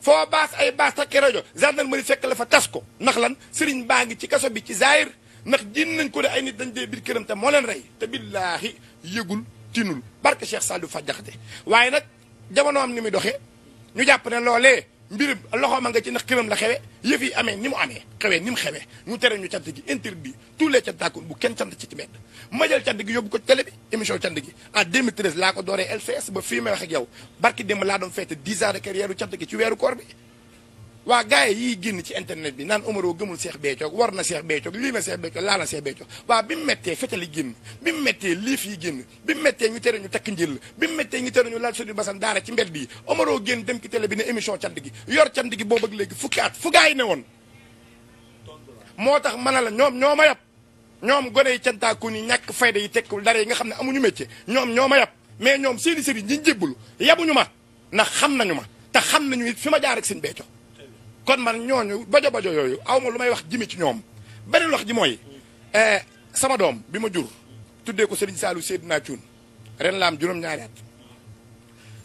foo baas ay baas takki rajo gendarmerie fekk la fa tas ko ndax lan sëriñ baa ngi ci kaso bi ci zaayir ndax jin nañ ko de ay nit dañ dee biir këram te moo leen rey te billaahi yëgul tinul barke Cheikh Saliou fa jaxate waaye nag jamono am ni muy doxee ñu jàpp ne loolee mbir loxo ma nga ci ndax këram la xewe yëf yi amee ni mu amee xewee ni mu xewee ñu tere ñu cant gi interdit tous les cant daakoon bu kenn cant ci ci mbedd ma jël cant gi yóbbu ko télé bi émission cant gi en 2013 laa ko dooree LCS ba fii may wax ak yow barki démb laa doon feete 10 ans de carrière cant gi ci weeru koor bi waa gars yi génn ci internet bi naan Omaro gëmul Cheikh Béthio war na Cheikh Béthio lii na Cheikh Béthio laa na Cheikh Béthio waa bi mu méttee fetali génn bi mu méttee liif yi génn bi mu méttee ñu tere ñu takk njël bi mu méttee ñu tere ñu laaj sodi basan daara ci mbedd yi Omaro génn dem ci télé bi ne émission cant gi yor cant gi boobu ak fukki at fu gars ne woon moo tax mën a la ñoom ñoo ma yab ñoom gone yi cantaaku ni ñàkk fayda yi tekkul dara yi nga xam ne amuñu métier ñoom ñoo ma yab mais ñoom seeni sëriñ ñi jébbalu yabuñu ma ndax xam nañu ma te xam nañu it fi ma jaar ak seen Béthio kon man ñooñu bajo bajo yooyu aw ma lu may wax jimi ci ñoom beneen wax ji mooy eh, sama doom bi ma jur tuddee ko Serigne saalu Seydina Thioune ren la am juróom-ñaari at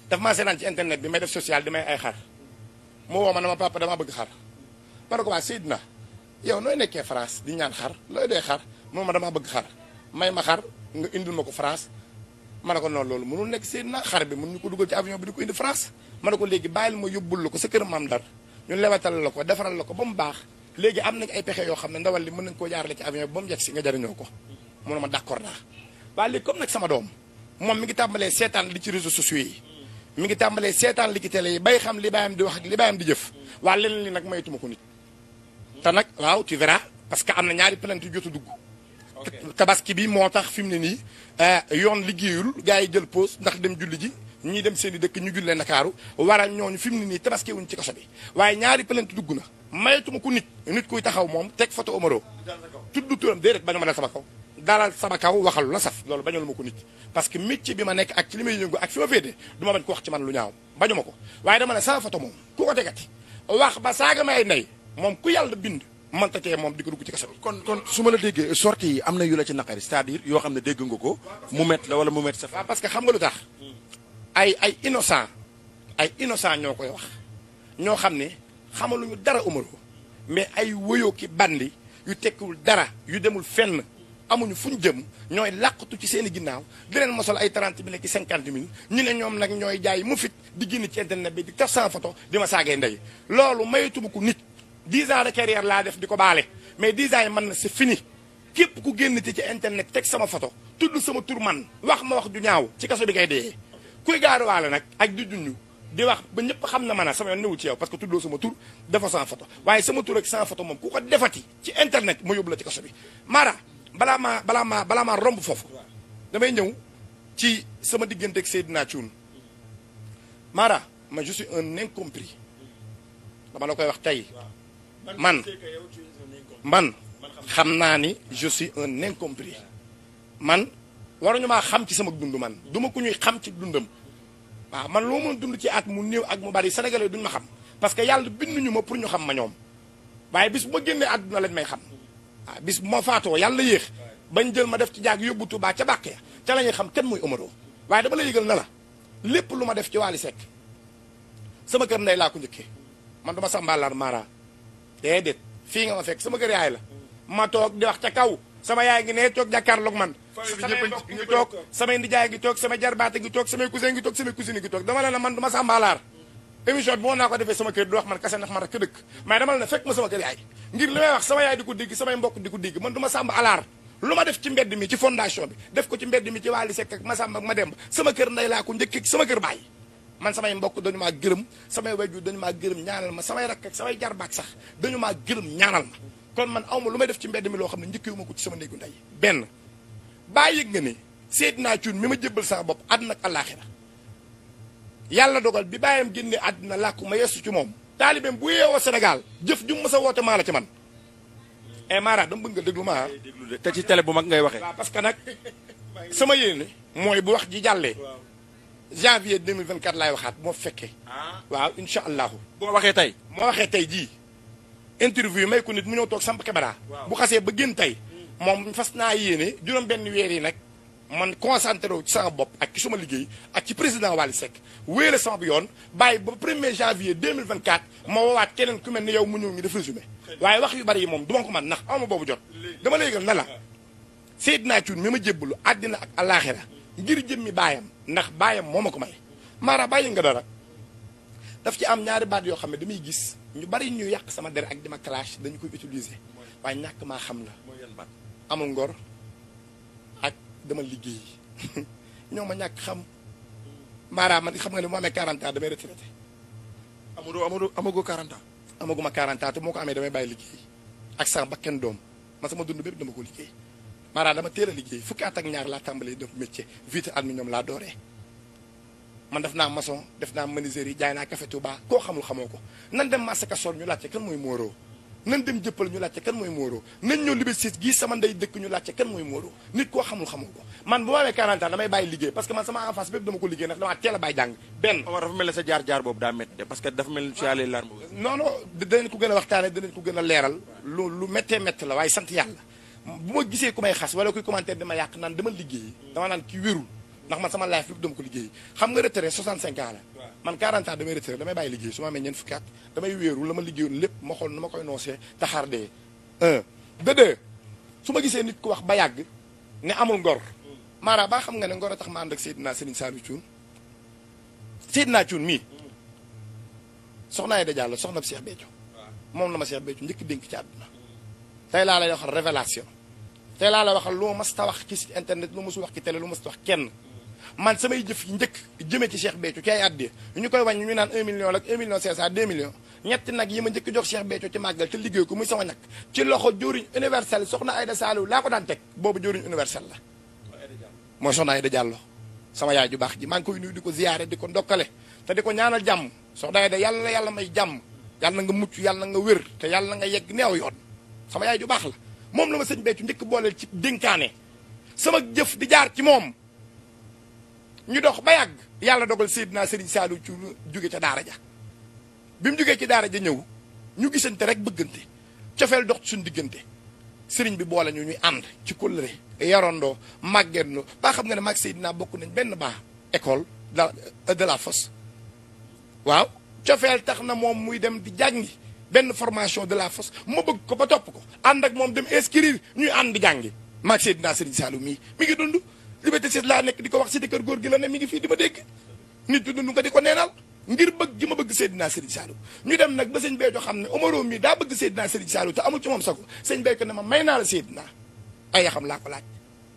daf maa seenaan ci internet bi may def social di may ay xar mu ma ne ma papa damaa bëgg xar par ko waa Seydina yow nooy nekkee France di ñaan xar looy dee moom ma damaa bëgg xar may ma xar nga indil ma ko France ma ne ko noonu loolu mënul nekk Seydina xar bi mën ñu ko dugal ci avion bi di ko indi France ma ne ko léegi bàyyil ma yóbbul la ko sa kër maam Ndar ñu lewatal la ko defaral la ko ba mu baax léegi am nañ ay pexe yoo xam ne ndawal li mën nañ koo jaarale ci avion bi ba mu yegg si nga jariñoo ko mu ne ma d'accord sama doom moom mi ngi tàmbalee seetaan li ci réseaux sociaux yi mi ngi tàmbalee seetaan li ci télé yi bay xam li baayam di wax li baayam di jëf waa leneen li nag maytuma ko nit te nag waaw tu verras parce que am na ñaari plainte yu jot dugg tabaski bi moo tax fi mu ne nii euh, yoon liggéeyul gars yi jël pause ndax dem julli ji ñii dem seen dëkk ñu jullee Ndakaaru waral ñooñu fi mu ne nii tabaski ci kaso bi waaye ñaari plainte dugg na mayetuma ku nit nit kuy taxaw moom teg photo Omaro tudd turam déedéet bañ ma dal sama dalal sama kaw la saf loolu bañal ma ko nit parce que métier bi ma nekk ak ci li may yëngu ak fi ma féete du ma bañ ko wax ci man lu ñaaw bañu ko waaye dama ne sama photo moom ku ko tegati wax ba saaga may ndey moom ku yàlla bind mënta tee moom di ko nga ko mu la wala mu met sa waaw parce ay ay innocent ay innocent ñoo koy wax ñoo xam ne xamaluñu dara Umarou mais ay woyoo ki bandi yu tekkiwul dara yu demul fenn amuñu fu ñu jëm ñooy làqatu ci seen i ginnaaw di leen mosal ay 30 mille ki 50 mille ñu ne ñoom nag ñooy jaay mu fit di génn ci internet bi di taf sama foto di ma saagee ndey loolu mayatuma ko nit 10 ans de carrière laa def di ko baale mais 10 ans yi man na c'est fini képp ku génn ci ci internet teg sama photo tudd sama tur man wax ma wax du ñaaw ci kaso bi ngay dee. kuy gaaruwaale nag ak di dund di wax ba ñëpp xam na man sama yoon newu ci yow parce que tuddoo sama tur dafa sans photo waaye sama tur ak sans photo moom ku ko defati ci internet ma yóbbu la ci kaso bi Mara balaa maa balaa maa balaa romb foofu damay ñëw ci sama diggante ak Seydina Thioune Mara ma je suis un incompris dama la koy wax tey man man xam naa ni je suis un incompris man waruñu maa xam ci sama dund man duma ma ku ñuy xam ci dundam waaw man loo mën dund ci at mu néew ak mu bari sénégalais duñ ma xam parce que yàlla ñu ma pour ñu xam ma ñoom waaye bis bu ma génnee àdduna lañ may xam waaw bis bu ma faatoo yàlla yéex bañ jël ma def ci jaag yóbbu Tuubaa ca bàq ya ca la ñuy xam kenn muy Omaro waaye dama la yëgal na la lépp lu ma def ci Wally Seck sama kër ndey laa ko njëkkee man duma sax mbaalaar maara déedéet fii nga ma fekk sama kër la ma toog ca kaw sama yaay ngi ne toog jàkkaarloog man samay mbokk ngi toog samay ndijaay ngi toog samay jarbaate ngi toog samay cousin ngi toog samay cousine ngi toog dama la ne man du ma sàmbaalaar émission bi moo naa ko defee sama kër du wax man kase ndax man rek dëkk mais dama la ne fekk ma sama kër yaay ngir li may wax sama yaay di ko digg samay mbokk di ko digg man du ma sàmb alaar lu ma def ci mbedd mi ci fondation bi def ko ci mbedd mi ci Wally Seck ak Massamba ak Mademba sama kër nday laa ko njëkk sama kër baay man samay mbokk dañu maa gërëm samay wajju dañu maa gërëm ñaanal ma samay rakk ak samay jarbaat sax dañu maa gërëm ñaanal ma kon man awma lu may def ci mbedd mi loo xam ne njëkkewu ma ko ci sama néegu ndey benn baa yëg nga ne naa Cuun mi ma jébbal sama bopp àdduna ak yàlla dogal bi bàyyam génne àdduna làkku ma yeesu ci moom taalibeem bu yeewoo senegal jëf ju ma sa woote maa la ci man e Mara dama bëgg nga déglu ma ah. te ci télé bu mag ngay waxee. parce que nag sama yéene mooy bu wax ji jàllee janvier 2024 laay waxaat moo fekkee ah. waaw incha allahu. boo waxee tey. moo waxee tey jii. interview may ko nit mu ñëw toog samp caméra bu xasee ba gën tey moom fas naa yéene juróom benn weer yi nag man concentré wu ci sama bopp ak suma liggéey ak ci président Wally Seck wéyale sama bu yoon bàyyi ba 1er janvier 2024 ma woowaat keneen ku mel ni yow mu ñëw ngi def résumé waaye wax yu bari yi moom du ma ko man ndax ama boobu jot dama lay yëgal na la Seydina Thioune mi ma jébbalu àddina ak alaaxira ngir jëmmi baayam ndax baayam moom ma ko may maara bàyyi nga dara daf ci am ñaari baat yoo xam ne damay gis ñu bari ñu yàq sama der ak dima clash dañu koy utiliser waaye ñàkk maa xam la amul ngor ak dama liggéey ñoom ma ñàkk xam maanaam man xam nga ne mu amee 40 ans damay retraité. amadu amadu amagu 40 ans. amaguma 40 ans te moo ko amee damay bàyyi liggéey ak sax ba kenn doom man sama dund bépp dama ko liggéey maanaam dama teel a liggéey fukki at ak ñaar laa tàmbalee def métier vite at mi ñoom laa dooree. man def naa maçon def naa menuisier yi jaay naa café Touba koo xamul xamoo ko nan dem marché Castor ñu laajte kan mooy Moro nan dem jëppal ñu laajte kan mooy Moro nit koo xamul xamoo ko man bu ma amee 40 ans damay bàyyi liggéey parce que man sama enfance bépp dama ko liggéey ndax damaa teel a bàyyi jàng benn waaw dafa mel ne sa jaar-jaar boobu daa métti de parce que dafa mel ni su yàlla ah. larme non a waxtaane danañ ko gën a leeral lu lu méttee métti la bu ma gisee ku may xas wala kuy commentaire dama yàq naan ndax man sama life bi dama ko liggéey xam nga re 65 ans la man 40 ans damay retraite damay bàyyi liggéey su ma amee ñeent fukki at damay wéeru la ma liggéeyoon lépp ma xool na ma koy noosee taxaar dee un de su ma gisee nit ku wax ba yàgg ne amul ngor maanaam baa xam nga ne ngor a tax ma ànd ak Seydina Serigne Saliou Thioune Seydina Thioune mii soxna yi da jàll soxna Cheikh Béthio moom la ma Cheikh Béthio njëkk dénk ci àdduna tey laa la yo révélation tey laa lay waxal lu ma wax ci site internet lu wax ci télé lu mës ta kenn man samay jëf yi njëkk jëmee ci Cheikh Béthio ci ay adde ñu koy wàññi ñu naan 1 million ak 1 million 500 2 millions ñetti nag yi ma njëkk jox Cheikh Béthio ci màggal te liggéey ko muy sama ñag ci loxo joriñ universel soxna Aïda Saliou laa ko daan teg boobu joriñ universel la mooy soxna Aïda Diallo sama yaay ju baax ji maa ngi koy di ko ziyaare di ko ndokkale te di ko ñaanal jàmm soxna Aïda yàlla la yàlla may jàmm yàlla nga mucc yàlla nga wér te yàlla na nga yegg neew yoon sama yaay ju baax la moom la ma sëñ Béthio njëkk booleel ci dénkaane sama jëf di jaar ci moom ñu dox ba yàgg yàlla dogal Seydina Serigne Saliou ci jóge ca daara ja bi mu jugee ci daara ja ñëw ñu gisante rek bëggante cofeel dox suñu diggante sëriñ bi boole ñu ñuy ànd ci kóllëre yarandoo màggeendoo baa xam nga ne mag naa bokk nañ benn baa école euh, de la fosse waaw cofeel tax na moom muy dem di jàngi benn formation de la fosse ma bëgg ko ba topp ko ànd ak moom dem inscrire ñuy ànd di jàngi mag naa Serigne Saliou mii mi ngi dund liberté 6 laa nekk di ko wax cité kër góor gi la ne mi ngi fii di ma dégg nit du dundu nga di ko neenal ngir bëgg gi ma bëgg Seydina dem nag ba sëñ Béthio xam ne Omaro mi daa bëgg Seydina Serigne Saliou te amul ci moom sago sëñ naa xam laa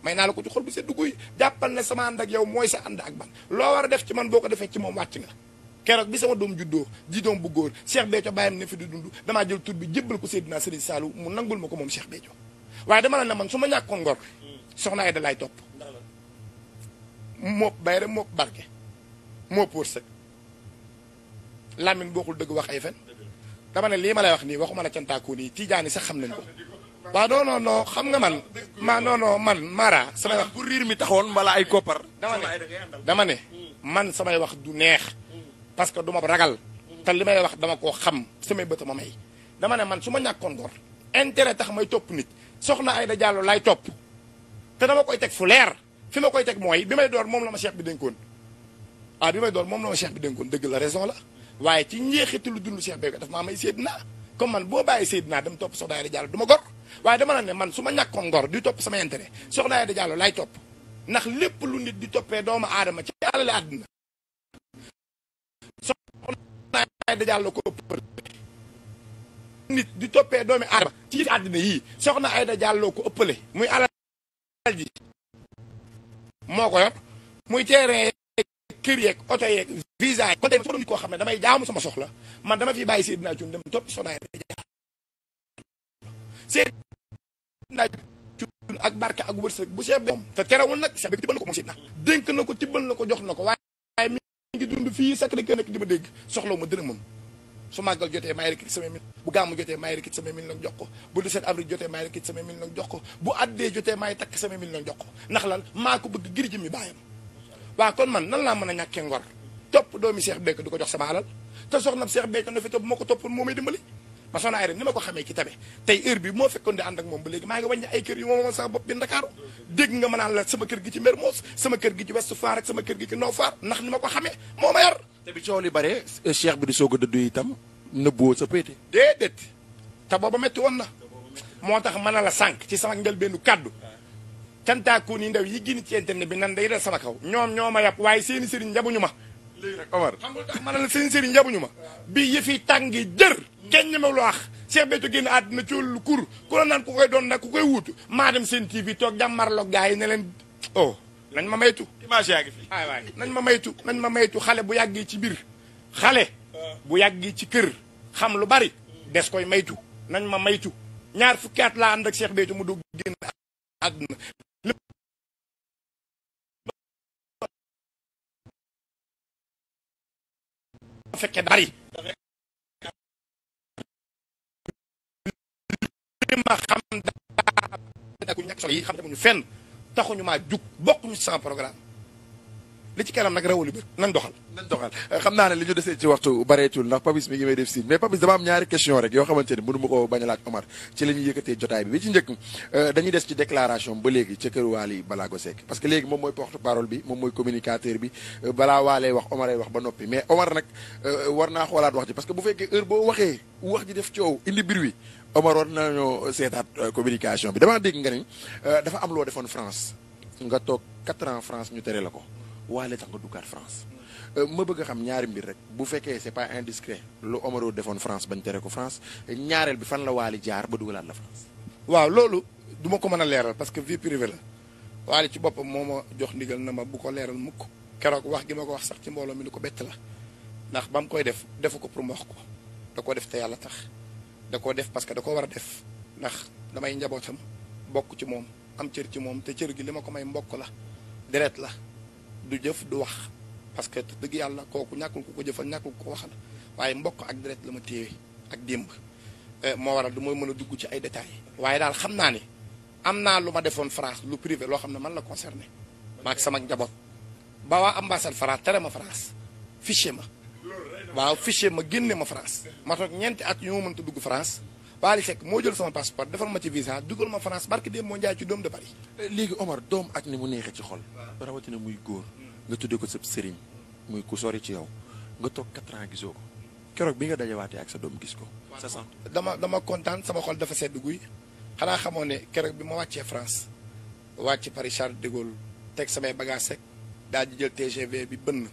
may naa la ko ci xol bu sedd guy jàppal ne sama ànd yow mooy sa ànd ak man loo war a def ci man boo ko defee ci moom wàcc nga keroog bi sama doom juddoo ji bu góor Cheikh Béthio bàyyam ne di dund damaa jël tur bi jébbal ko Seydina Serigne Saliou mu nangul ma ko moom Cheikh Béthio waaye dama la ne man su ma ñàkkoon ngor soxna ay da laay topp moop bayre moop barke moop wërsëg làmmiñ bokkul dëgg wax ay fen dama ne lii ma lay wax nii waxuma la cantaakoo nii tiijaani sax xam nañ ko waaw non non non xam nga man ma non non man Mara samay wax bu riir mi taxoon mbala ay koppar. dama ne man samay wax du neex parce que du ma ragal te li may wax dama koo xam samay ma may man su ma ñàkkoon gor intérêt tax may topp nit soxna Aïda Diallo lay topp te dama koy teg fu leer. fi ma koy teg mooy bi may door moom la ma cheikh bi dénkoon ah bi may door moom la ma cheikh bi dénkoon dëgg la raison la waaye ci njeexiti lu dund cheikh béykat daf maa may Seydina comme man boo bàyyi Seydina dem topp Soxna Aida jàll du ma gor waaye dama ne man su ma ñàkkoon ngor di topp sama intérêt Soxna Aida Diallo laay topp ndax lépp lu nit di toppee doomu aadama ci alali àddina Soxna Aida Diallo ko ëpp nit di toppee doomi aadama ci àddina yii Soxna Aida Diallo ko ëppale muy alal moo ko yor muy terrain kër yeeg oto yeeg visa kon tey koo xam ne damay jaamu sama soxla man dama fi bàyyi Seydina Thioune dem topp Soxna Aida Diallo Seydina Thioune ak barke ak wërsëg bu seeb moom te terewul nag seeb bi tibbal na ko moom Seydina dénk na ko tibbal na ko jox na ko waaye mi ngi dund fii Sacré-Cœur nekk di ma dégg soxlaw ma dërëmam su màggal jotee maay rekk sama mil bu gàmmu jotee maay rekk sama mil nag jox ko bu 17 avril jotee maay rekk sama mil jox bu addee jotee maay takk sama mil jox ndax lan maa ko bëgg ngir jëmmi baayam waaw kon man nan laa mën a ñàkkee ngor topp doomi Seex Béthio jox sama alal te soxna na fi topp moo ko toppoon moo may dimbali ma soxna Aida ni ma ko xamee ci tabe tey heure bi moo fekkoon di ànd ak moom ba léegi maa ngi wàññi ay kër yu moom moom sax bopp bi Ndakaaru dégg nga ma naan la sama kër gi ci Mermoz sama kër gi ci Ouest Foire ak sama kër gi ci Nord Foire ndax ni ma ko xamee moo ma yar te bi coow li bare cheikh bi di soog a dëdd itam nëbbuwoo sa péete déedéet te booba metti woon na moo tax mën a sànq ci sama njëlbeenu kàddu cantaaku ni ndaw yi génn ci internet bi nan day dal sama kaw ñoom ñoo ma waaye seeni sëriñ njabuñu ma léegi rek Omar xam nga tax ma bi yëfi tàng jër kenn ñemewu la wax Cheikh Béthio génn àddina ci lu kur ku la naan ku koy doon nag ku koy wuutu maa dem seen TV toog jàmmarloog gars yi ne leen oh nañ ma maytu. image nañ ma maytu nañ ma maytu xale bu yàggee ci biir xale. bu yàggee ci kër xam lu bari. des koy maytu nañ ma maytu ñaar fukki at laa ànd ak Cheikh Béthio mu dugg génn àdduna lépp fekkee bari li daa yi xam te mu ñu fenn taxuñu maa jug bokkuñu ci sama programme li ci kanam nag rawali bët nan doxal nan doxal euh, xam naa ne li ñu desee ci waxtu bareetul ndax Papis mi ngi may def signe mais Papis dama am ñaari question rek yoo xamante ni mënu ma ko bañ a laaj Omar ci la ñuy yëkkatee jotaay bi bi ci njëkk euh, dañuy des ci déclaration ba léegi ca kër Waly Balago Seck parce que léegi moom mooy porte parole bi moom mooy communicateur bi euh, balaa waalee wax Omar wax ba noppi mais Omar war naa xoolaat wax ji que bu fekkee heure boo waxee wax ji def coow Omar war nañoo seetaat euh, communication bi damaa dégg nga ni euh, dafa am loo defoon France nga toog 4 ans France ñu tere la ko waale tax nga duggaat France euh, ma bëgg a xam ñaari mbir rek bu fekkee c'est pas indiscret lu Omaro defoon France bañ tere ko France ñaareel bi fan la Wally jaar ba dugalaat la France. waaw loolu du ma ko mën a leeral parce que vie privée la Wally ci boppam moo ma jox ndigal na ma bu ko leeral mukk keroog wax gi ma ko wax sax ci mbooloo mi ni ko bett ndax ba mu koy def defu ko pour mu wax ko da ko def te yàlla tax. da koo def parce que da ko war a def ndax damay njabootam bokk ci moom am cër ci moom te cër gi li ma ko may mbokk la deret la du jëf du wax parce que dëgg yàlla kooku ñàkkul ko ko jëfal ñàkkul ku ko waxal waaye mbokk ak deret la ma téye ak démb euh, moo waral du mooy mën a dugg ci ay détails waaye daal xam naa ni am naa lu ma defoon France lu privé loo xam ne man la concerné ak sama njaboot ba waa ambassade France tere ma France fiché ma waaw fichier ma génne ma France ma toog ñeenti at yu ma mënta dugg France li Seck moo jël sama passeport defal ma ci visa dugal ma France barke dem moo njaay ci doom de Paris. léegi Omar doom ak ni mu neexee ci xol. rawatina muy góor. nga tuddee ko sëb sëriñ muy ku sori ci yow nga toog 4 ans gisoo ko keroog bi nga dajawaatee ak sa doom gis ko. sa sant dama dama kontaan sama xol dafa sedd guy xanaa xamoo ne keroog bi ma wàccee France wàcc Paris Charles de Gaulle teg samay bagages rek daal di jël TGV bi bënn.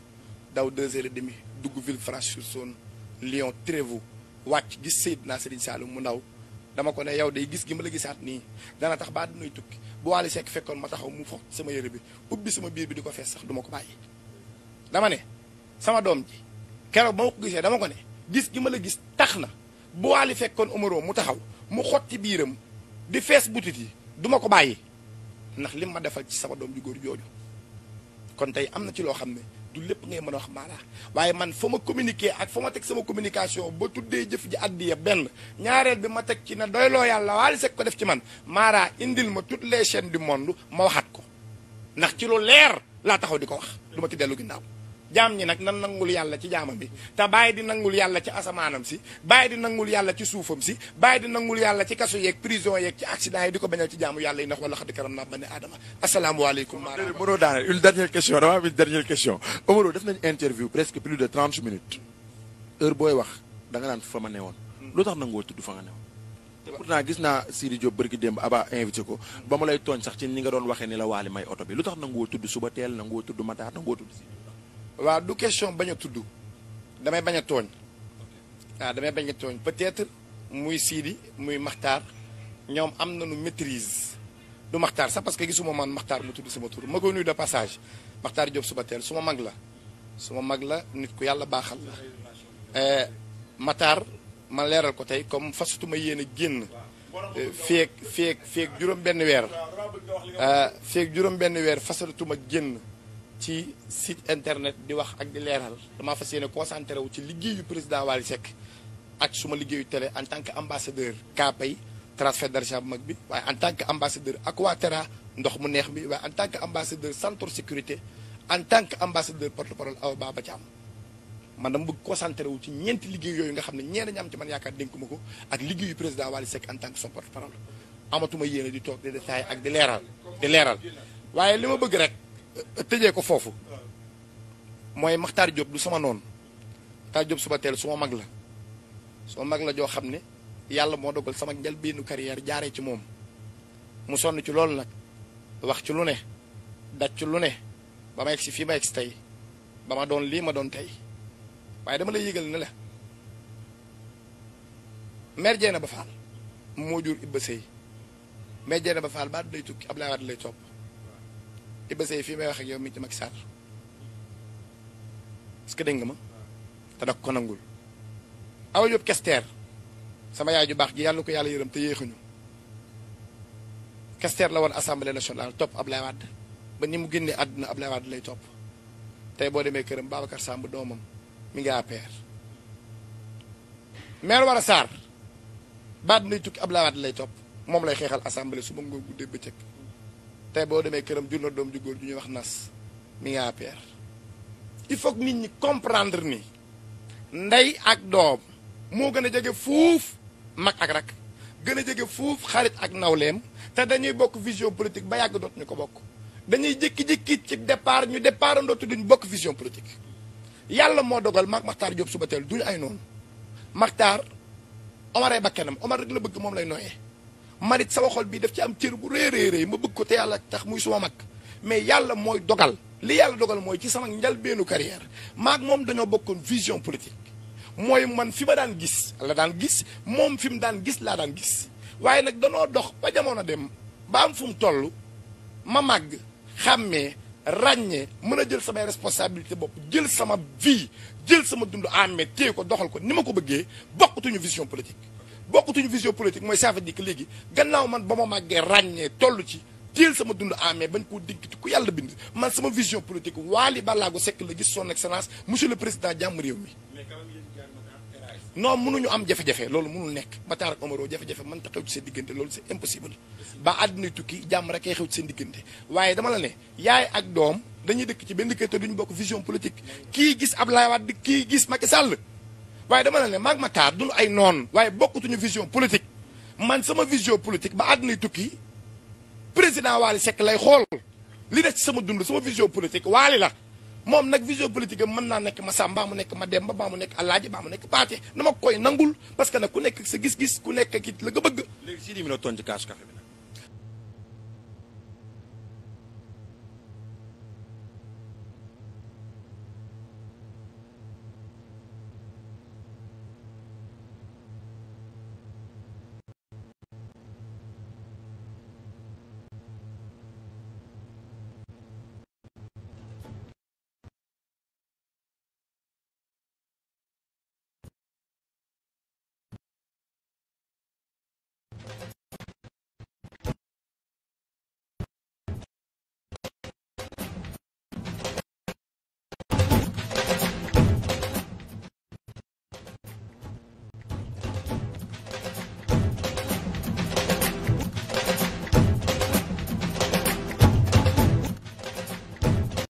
daw deux heures et demie dugg Villefranche-sur-Saône Lyon Trévoux wàcc gis Seydina Serigne Saliou mu ndaw dama ko ne yow day gis gi ma la gisaat nii dana tax ba dinay tukki bu Wally Seck fekkoon ma taxaw mu fo sama yëre bi ubbi sama biir bi di ko fees sax duma ko bàyyi dama ne sama doom ji keroog ba ma ko gisee dama ko ne gis gi ma la gis tax na bu Wally fekkoon Omaro mu taxaw mu xotti biiram di fees butit yi duma ko bàyyi ndax li ma defal ci sama doom ji góor jooju kon tey am na ci loo xam ne du lépp ngay mën a wax maanaa waaye man fa ma communiqué ak fa ma teg sama communication ba tuddee jëf ji addiya benn ñaareel bi ma teg ci na doyloo yàlla waali sek ko def ci man maara indil ma toutes les chaînes du monde ma waxaat ko ndax ci lu leer laa taxaw di ko wax du ma ci dellu ginnaaw jaam ñi nag nan nangul yàlla ci jaamam bi te bàyyi di nangul yàlla ci asamaanam si bàyyi di nangul yàlla ci suufam si bàyyi di nangul yàlla ci kaso yeeg prison yeeg ci accident yi di ko bañal ci jaamu yàlla yi ndax wala xadi karam naa bani aadama asalaamaaleykum mënoo daaneel une def nañ interview presque plus de trente minutes heure booy wax danga naan fa ma ne woon lu tax nangoo tudd fa nga newoon te pourtant gis naa Sidi Diop bërki démb Aba invité ko ba mu lay sax ci ni nga doon waxee ni la waali oto bi lu tax nangoo tudd suba teel nangoo tudd mataar nangoo waaw du question bañ a tudd damay bañ a tooñ waaw damay bañ tooñ peut-être muy Sidi muy Maxtaar ñoom am na nu maîtrise du Maxtaar sax parce que gisuma man Maxtaar mu tudd sama tur ma koy nuyu de passage Maxtaar Diop suba teel su ma mag la su ma mag la nit ku yàlla baaxal la eh, ma leeral ko tey comme fasatuma yéen a génn eh, feeg feeg feeg juróom benn weer eh, feeg juróom benn weer fasatuma génn ci site internet di wax ak di leeral damaa fa yéene concentré wu ci liggéeyu président Wally Seck ak suma liggéeyu télé en tant que ambassadeur kaapay transfert d'argent bu mag bi waaye en tant que ambassadeur Aquaterra ndox mu neex bi waaye en tant que ambassadeur centre sécurité en tant que ambassadeur porte-parole Awa Baba Thiam man dama bëgg concentré wu ci ñeenti liggéey yooyu nga xam ne ñeent ñi am ci man yaakaar dénkuma ko ak liggéeyu président Wally Seck en tant que son porte-parole amatuma yéene di toog di détaillé ak leeral di leeral waaye li ma bëgg rek. tëje ko foofu mooy Makhtar jóob du sama noon Makhtar Diop suba teel suma mag la suma mag la joo xam ne yàlla moo dogal sama njëlbéenu carrière jaaree ci moom mu sonn ci loolu nag wax ci lu ne daj ci lu ne ba ma egg si fii ma egg si tey ba ma doon lii ma doon tey waaye dama lay yëgal ne la mère Dieyna Ba Fall moo jur Ibba Seye mère Dieyna Ba Fall baat lay tukki Abdoulaye Wade lay topp. Iba Seye fii may wax ak yow mi ci Macky Sall que dégg nga ma te dak ko nangul awa yóbbu kesteer sama yaay ju baax ji yàlla ko yàlla yërëm te yéexuñu kesteer la woon assemblée nationale topp Ablaye Wade ba ni mu génnee àdduna Ablaye Wade lay topp tey boo demee këram Babacar Samb doomam mi ngi APR maire Wara Sarr baat nay tukki Ablaye Wade lay topp moom lay xeexal assemblée suba ngoo guddee bëccëg tey boo demee këram jur na doom ju góor ju ñuy wax nas mi ngi APR il faut nit ñi comprendre ni ndey ak doom moo gën a jege fuuf mag ak rak gën a jege fuuf xarit ak nawleem te dañuy bokk vision politique ba yàgg ñu ko bokk dañuy jëkki jékki ci départ ñu départ dootu duñ bokk vision politique yàlla moo dogal maag Maxtaar Jóob suba teel duñu ay noonu Maxtaar Omar ay bakkanam Omar rek la bëgg moom lay nooyee manit sama xol bii daf ci am cër bu réeréeréy ma bëgg ko te yàlla tax muy suma mag mais yàlla mooy dogal li yàlla dogal mooy ci sama njalbeenu carrière maag moom dañoo bokkoon vision politique mooy man fi ma daan gis la daan gis moom fi mu daan gis laa daan gis waaye nag danoo dox ba jamono dem ba am fu mu toll ma màgg xàmmee ràññee mën a jël samay responsabilité bopp jël sama vie jël sama dund amee ah, téye ko doxal ko ni ma ko bëggee bokkutuñu vision politique bokkatuñu vision politique mooy ça dikk léegi gannaaw man ba ma màggee ràññee toll ci téel sama dund amee bañ koo dénkiti ku yàlla bind man sama vision politique Waly Ballago Seck la gis son excellence monsieur le président jàmm réew mi non mënuñu am jafe-jafe loolu mënul nekk Matar ak Omaro jafe-jafe mën ta xew ci seen diggante loolu c'est impossible ba àdduna tukki jàmm rek ay xew ci seen diggante waaye dama la ne yaay ak doom dañuy dëkk ci benn kër duñu bokk vision politique kii gis Abdoulaye Wade kii gis Macky Sall waaye dama la ne maag Matar duñu ay noon waaye bokkutuñu vision politique man sama vision politique ba àddunay tukki président Waly Seck lay xool li des ci sama dund sama vision politique Waly la moom nag vision politique am mën naa nekk Massa mbaa mu nekk Mademba mbaa mu nekk Alaaji mbaa mu nekk Paate dama koy nangul parce que na ku nekk sa gis-gis ku nekk ki la bëgg. léegi si lii mi la